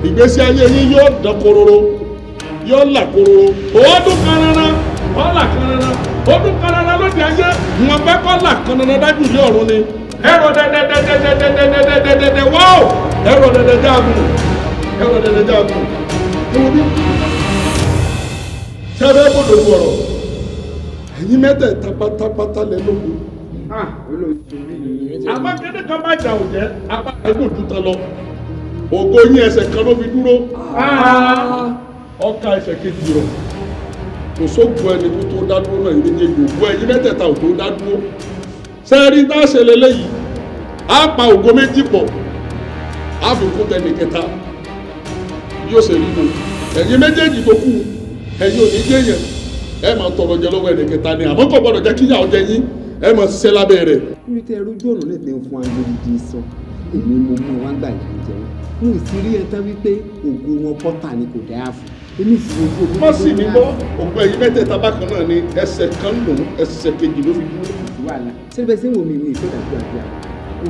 ìgbésí ayé yín yóò dán kororo yóò là kororo ọdún kan rárá ọ là kan rárá ọdún kan rárá lóde ayé wọn fẹ́ kọ́ là kan rárá dájú ilé ọ̀run ni ẹ̀rọ dẹ́dẹ́dẹ́dẹ́dẹ́dẹ́dẹ́dẹ́dẹ́ wọ́ọ̀ ẹ̀rọ dẹ́dẹ́dẹ́ àgùn ẹ̀rọ dẹ́dẹ́dẹ́ àgùn kúrú sẹ́fẹ́ bọ̀dọ̀ wọ̀rọ̀ ẹ̀yin mẹ́tẹ̀ẹ̀ta pátápátá lẹ́lógún àmọ́ ah, kéde kan bá jà ò jẹ́ apá ẹgbẹ́ òtútọ́ lọ ògo yín ẹsẹ̀ kan ló fi dúró ah. ọkà ẹsẹ̀ kejì rọ̀ kò sóògùn ẹni tó tó dá dúró náà ìdíje ògùn ẹ̀yin mẹ́tẹ̀ẹ̀ta ò tó dá dúró sẹ́ẹ̀rí tá a ṣe lélẹ́yìí á pa ògo méjì pọ̀ á fi kún tẹnì kẹta yóò ṣe rí mo ẹ̀yin méjèèjì tó kù ẹ̀yin ò ní jẹ́yẹn ẹ̀ máa tọrọ jẹ lọ́wọ́ ẹnì kẹta ni àmọ́ kò gbọ́dọ̀ jẹ́ kíyà ọjẹ́ yín ẹ mọ̀ ṣiṣẹ́ lábẹ́ rẹ̀. ibi tẹ rojú ọ̀nà lẹ́tẹ̀ ń fún agbègbè sọ èmi mo mú wọn gbà yà ń jẹ wọn n ò sì rí ẹtẹ wípé ògo wọn pọ́tà ni kò dáa fún èmi sì rojú ògo. wọ́n sì ní bọ́ òpó ẹ̀yìn mẹ́tẹ̀ẹ̀ta bákan náà ni ẹsẹ̀ kan lòun ẹsẹ̀ kejì ló fi dúró. wàhálà ṣẹlẹ̀ sí wo mi mi ìfẹ́ dàbí àbí àbí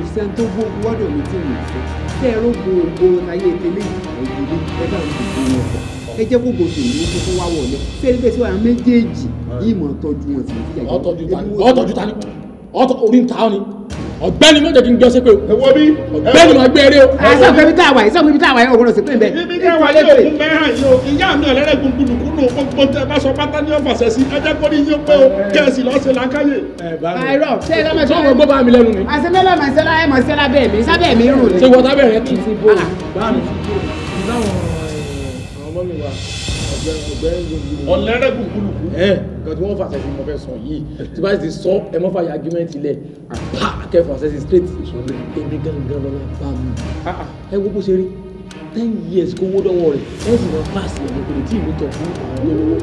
òṣìṣẹ́ tó gbó wọ́dọ̀ mi tí mi fẹ́ tẹ́ ẹ rógbò ògo ayé tẹ́lẹ̀ ìgbà ògbò ẹ bá ń fi gbó wọn pọ̀ ẹ jẹ́ kó gbòòtò ìlú tó fún wọlé fẹ́ẹ́ bẹ́ẹ̀ sí wa méjèèjì yìí mọ̀ tọ́jú wọn sí ìyá ìjọba ọ̀tọ́jú ta ni orí ń ta ọ́ ni ọ̀gbẹ́ni méje kí n gbọ́ sépè o ọ̀gbẹ́ni máa gbé eré o. àìsàn òkè mi tá a wà àìsàn òkè mi tá a wà yẹn òwúrọ̀ sépè ibi ká wà yóò kún bẹ́ẹ̀ hàn yóò ìyá mi ọ̀lẹ́rẹ̀ gbùngbùn kúnnù ọgbọ́n tẹ bá sọ pátá ní ọ̀fàṣẹ sí ẹjẹ́ kó ní yín pé o kẹ́ẹ̀sì lọ́ọ́ ṣe làákàyè. ṣé ẹ lọ́mọ tó gbọ́ bá mi lẹ́nu ni. àṣẹ mẹ́lọ́mọ̀ mọ́mí wa ọ̀lẹ́rẹ́bù kúlùkù. ẹ nǹkan tí wọ́n fàṣẹ fún mi sọ yìí tí bá ti sọ ẹ mọ́ fàyà argument ilẹ̀ àpá akẹ́fọ̀n ṣẹ́sì straight ìṣòro ẹni gangan lọ́la bá mi. ẹ wo bó ṣe rí ten years kó wó dọ́wọ́ rẹ̀ ẹ sì máa pass ẹ̀mí kò lè tí ì mú tọ̀ fún àwọn olówó.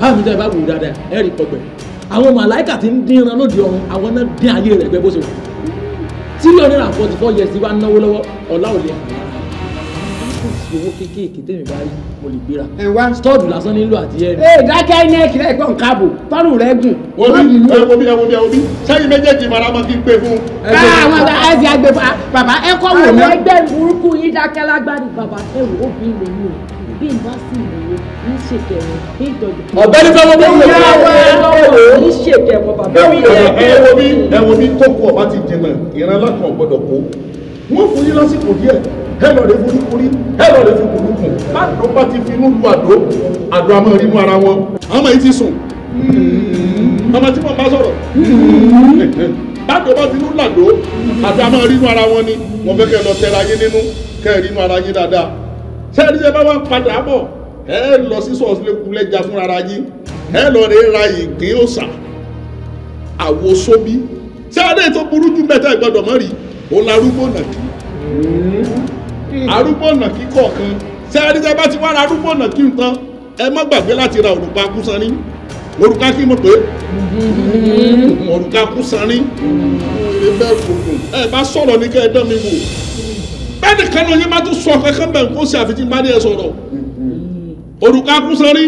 bá mi dá ẹ bá wù dáadáa ẹ rí pọgbẹ. àwọn màláìkà ti ń dín iran lóde ọ̀run àwọn náà dín ayé rẹ̀ gbẹ bó ṣe wù. tírílíọ̀nù náírà forty four àti owó kéékèèké tèmi báyìí mo lè gbéra. ẹ wá stọọdù lásán nílò àti ẹrù. ee dákẹ́ nẹ́ẹ̀kì rẹ̀ gbọ́n káàbò tọ́lù rẹ̀ gùn. omi ìlú ẹ wo bí ẹ wo bí ẹ wo bí sẹ́yìn méjèèjì mara máa fi gbé fún. káà àwọn ẹ ti àgbẹ̀ bàbá ẹ kọ́ wò mí. àwọn ẹgbẹ́ burúkú yín dákẹ́ lágbàdì bàbá ẹ wò ó bí ilé mi ò bí n bá sì lòwe ń ṣèkẹ̀wọ̀ bí ìtọ́jú. ọ̀gbẹ́ni fẹ́ wọ́n bí wọ́n yá wọ́n lọ́wọ́ ń ṣèkẹ̀wọ̀ bàbá. ẹ wo bí ẹ wo bí tó kú ọba ti jẹmọ ìrànlọ́kàn gbọ́dọ̀ kó wọ́n fún yín lásìkò díẹ̀ ẹlọ rẹ fojú kúrí ẹlọ rẹ fojú kúrú kù má ló bá ti fi inú lu àdó àdó àmọ́ rí inú ara wọn ọmọ yìí ti sùn hmm. ọmọ tí mo bá sọ̀rọ̀ bàdó hmm. bá ti inú làdó àdó àmọ́ rí inú ara wọn ni mo fẹ́ kẹ́ lọ tẹ́ra yín nínú kẹ́ rí inú ara yín dáadáa ṣé ẹni ṣe bá wà padà bọ̀ ẹ lọ sí sọ̀ọ́sì lẹ́kùn lẹ́jà fúnra yín ẹ lọ rẹ ra ìgbín òòsà àwo sóbí ṣé adé tó burú jù mẹ́ta ìgbọ́dọ̀ mọ́ rí òun larúgbó nàbí. Hmm arúgbó ọ̀nà kíkọ̀ kan ṣé àdìsẹ́ bá ti wá ra arúgbó ọ̀nà kí n tán ẹ má gbàgbé láti ra òrùka kúsanrí òrùka kí mo pè é òrùka kúsanrí ẹ bẹ́ẹ̀ gbogbo ẹ bá sọ̀rọ̀ ní kẹ́ ẹ dán mi wò bẹ́ẹ̀ nìkan ló yẹn bá tún sọ kankan bẹ́ẹ̀ kó ṣe àfijì bá ní ẹ sọ̀rọ̀ òrùka kúsanrí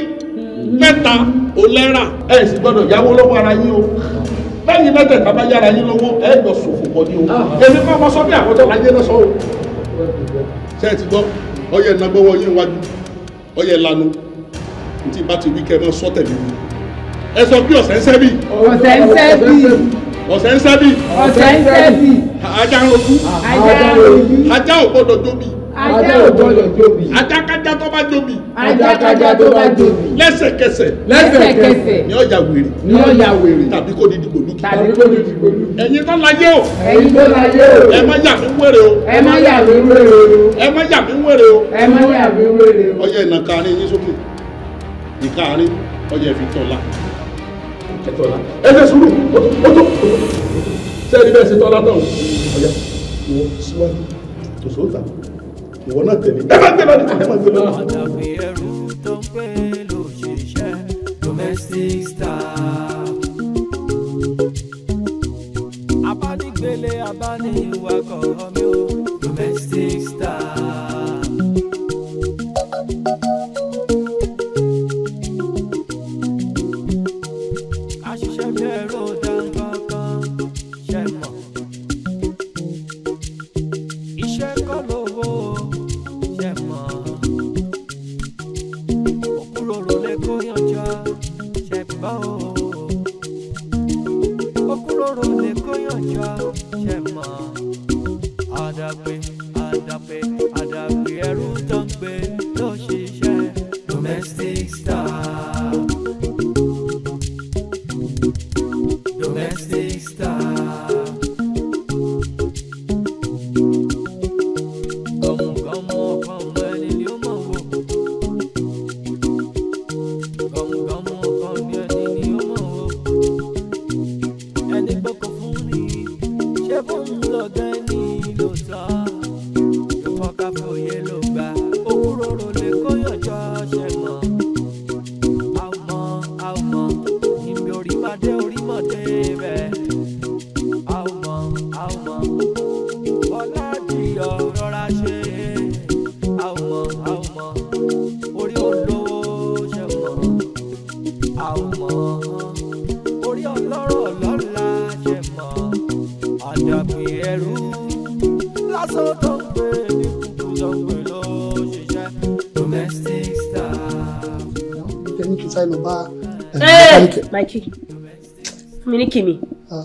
mẹ́ta ò lẹ́ra ẹ sì gbọ́dọ̀ yáwó lọ́wọ́ ara yín o lẹ́yìn mẹ́tẹ̀ẹ̀ta bá yára yín lọ́wọ́ ẹ jọ ṣòfò pọ̀ ní o èmi kọ́ ọmọ sọ bí àkọ́jọ́ láyé náà sọ ṣé ẹ ti gbọ́ ọyẹ ìnagbọ́wọ́ yín wájú ọyẹ lanu ntí bá ti wí kẹ́ ẹ máa sọ tẹ̀lé mi ẹ sọ pé ọ̀sẹ̀ ń sẹ́bì. ọ̀sẹ̀ ń sẹ́bì. ọ̀sẹ̀ ń sẹ́bì. ọ̀sẹ̀ ń sẹ́bì. ajá ń rojú. ajá ń ajá ò gbọ́dọ̀ jóbi ajá ò gbọdọ̀ jobi. ajákájá tó bá jobi. ajákájá tó bá jobi. lẹ́sẹ̀kẹsẹ̀. lẹ́sẹ̀kẹsẹ̀. ni ó ya wèrè. ni ó ya wèrè. tàbí kó di dìgbòlugi. tàbí kó di dìgbòlugi. ẹ̀yin tó lajẹ o. ẹ̀yin tó lajẹ o. ẹ má yà mí wèrè o. ẹ má yà mí wèrè o. ẹ má yà mí wèrè o. ẹ má yà mí wèrè o. ọyẹ ìnà kaarin yín sókè ìkaarin ọyẹ fi tọ́lá. ẹ fẹ́ sùúrù ó tó sẹ́ẹ̀rì bẹ́ẹ̀ ṣe tọ́lá tán o. ọ̀yà wọ síwájú tòṣó tàbí ìwọ náà tẹ̀lé ẹ máa gbé ẹ máa gbé lọ. àdàbí ẹrú tó domestic star.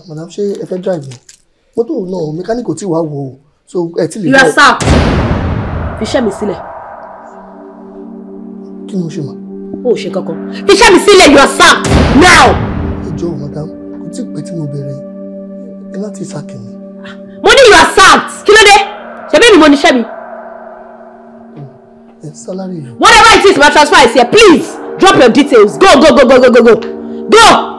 madam ṣé ẹ fẹ́ drive ni mọ́tò náà mẹkáníkì ò tí wàá wò ó so ẹ ti lè. you are sacked fi iṣẹ́ mi sílẹ̀. kí ni mo ṣe mọ̀. o ò ṣe kankan fi iṣẹ́ mi sílẹ̀ you are sacked now. ẹ jọ̀ọ́ madam kò tí ì pẹ́ tí mo bẹ̀rẹ̀ ẹ láti sàkè mi. mo ní you are sacked kí ló dé ṣebí mi mo níṣẹ́ mi. salary. whatever it is my transfer is here please drop your details go go go go go go go. go.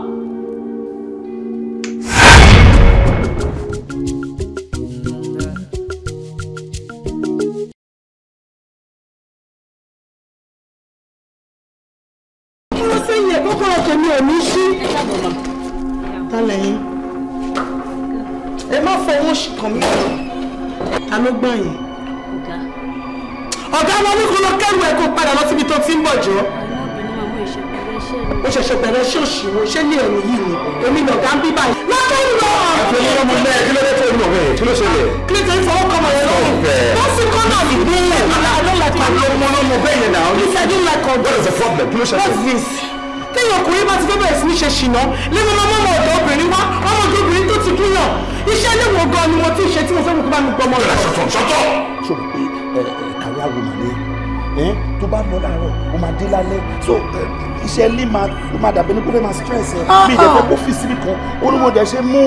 iṣẹ́ ní ma ló máa dàbí ní kó fẹ́ máa stress ẹ mi ìdẹ́fẹ́ kó fi síbi kan olùmọ̀dé ṣe mú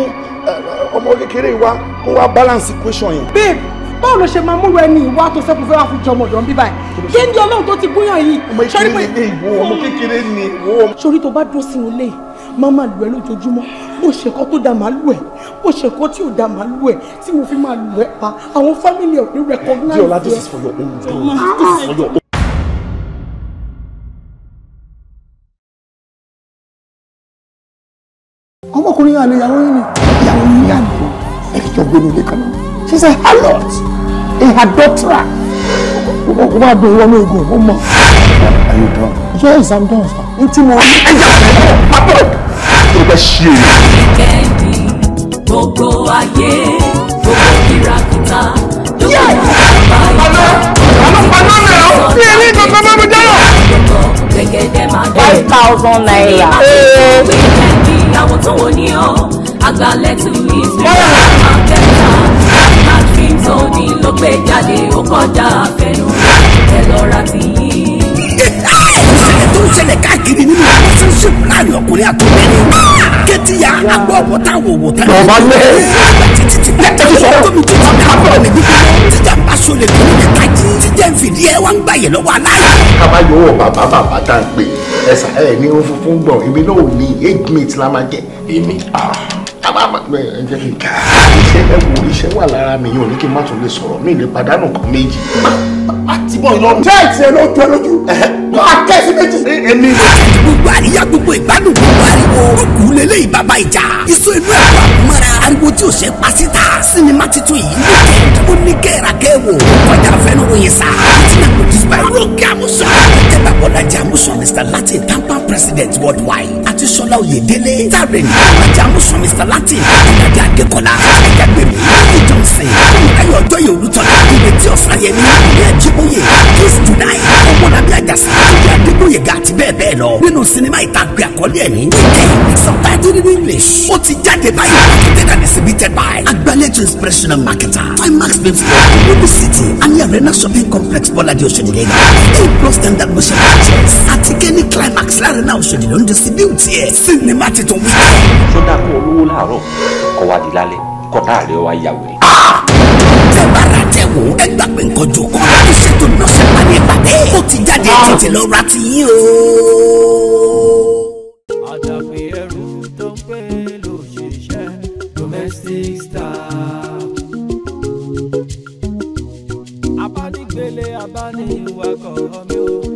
ọmọ kékeré wa kó wá balance equation yẹn. babe báwo ló ṣe máa múlò ẹni ìwà tó sẹ́kù fẹ́ wá fi jọmọ jọ ń bí báyìí kí ni ọlọ́run tó ti gúnyàn yìí. ọmọ kékeré ni ìwọ ọmọ kékeré ni ìwọ. sori tó bá dúró sínú ilé máa máa lù ẹ lójoojúmọ́ bó ṣe kọ́ tó da màá lù ẹ bó ṣe kọ́ tí ò da màá lù ẹ tí mo fi máa lù ẹ pa àwọn fámìlì ẹ̀ ní rẹ̀kọ́gínáìsì ẹ̀. díọ̀lá this is for your own good this is for your náà ni ìyàwó yìí ni. ìyàwó yìí yà ni ẹjọ gbé nílé kan náà she is a harlot a adulterer o wa dùn wọnú egun o mọ. are you done. yes i'm done sir. n tí mo rí. ẹjọ kò pápọ̀ ló bẹ ṣí èyí. kẹ́ndì gbogbo ayé gbogbo kìràkìtà lókè àbáyé. àlọ́ àlọ́ àlọ́ rẹ̀ ó fi èmi kankan bá mi jẹ́ thousand naira ìyàwó tó wò ní o àgbàlẹ̀ tù mí sílẹ̀ máa kẹta martin tony ló gbé jáde ó kọjá àfẹnù ẹ lọ́ra ti yí. ìṣẹ̀lẹ̀ tó ń ṣẹlẹ̀ káàkiri nínú relationship láàrin ọkùnrin àtọ́bẹ̀rẹ̀ kẹ́tìyà agbọ́ ọ̀wọ́ táwọn òwò táwọn òwò táwọn òwò táwọn òwò táwọn òwò táwọn òwò táwọn òwò táwọn òwò aláyè lọ́wọ́ aláyè. kábàáyọ̀ wọ bàbá bàbá tá a gbé ẹ̀sà ẹ̀ ní irun funfun gbọ̀n èmi náà ò ní eight minutes la máa ah, jẹ́ èmi ẹ̀jẹ̀ kí n ká iṣẹ́ ẹ̀wò iṣẹ́ wà lára mi yìí ò ní kí n má tún lè sọ̀rọ̀ mi ì lè pàdánù kan méjì ti bọ̀ ìlọrun. jẹ́ ẹ̀ ló jọ lójú. máa kẹ́ sí méjì. èmi ni. gbogbo àríyá gbogbo ìgbádùn gbogbo ariwo. kókù lélẹ̀ ìbàbà ìjà. iṣu inú ẹ̀ wà ariwo tí ò ṣe pa síta. sinimá titun yìí ló jẹ́. ó ní kẹ́ra kẹ́wò. kọjá fẹ́nu oyin sa. ìtìlẹ̀ kò dis by rogi amusan. jẹ́ babalajẹ amusan Mr Latin tampa president worldwide. àti sọlá oyèdélé. tààrẹ̀ This Kiss Tonight Ọmọlábí Àjàsí Túnjí Adéboyè ga àti bẹ́ẹ̀ bẹ́ẹ̀ lọ nínú sinimá ìtàgbé àkọlé ẹ̀ ní jíjẹ́ subtitled in English ó ti jáde báyìí marketed and exhibited by agbálẹ́jọ inspirational marketer Max films for Olóbi City and the Arena shopping complex Bọ́ládé Oṣòdìlẹ̀ yìí A plus standard motion pictures àti Kenny Climax lárẹ́nà Oṣòdìlẹ̀ ń distribute ẹ̀ sinimá titun wíjẹ́. sọ́dà kún olówó láàárọ̀ kọ́ wa di lálẹ́ kọ́ táàrẹ̀ wa yà wèrè. Ah! tẹ́ bá ra wò ó ẹ gbà pé nǹkan jòkó iṣẹ́ tó ná ṣe pàdé pàdé ó ti jáde tètè lọ ra ti yín o. àdàbí ẹrù tó ń pè lóṣìṣẹ́ domestic staff. abánigbélé abániwakọ̀ mi ò.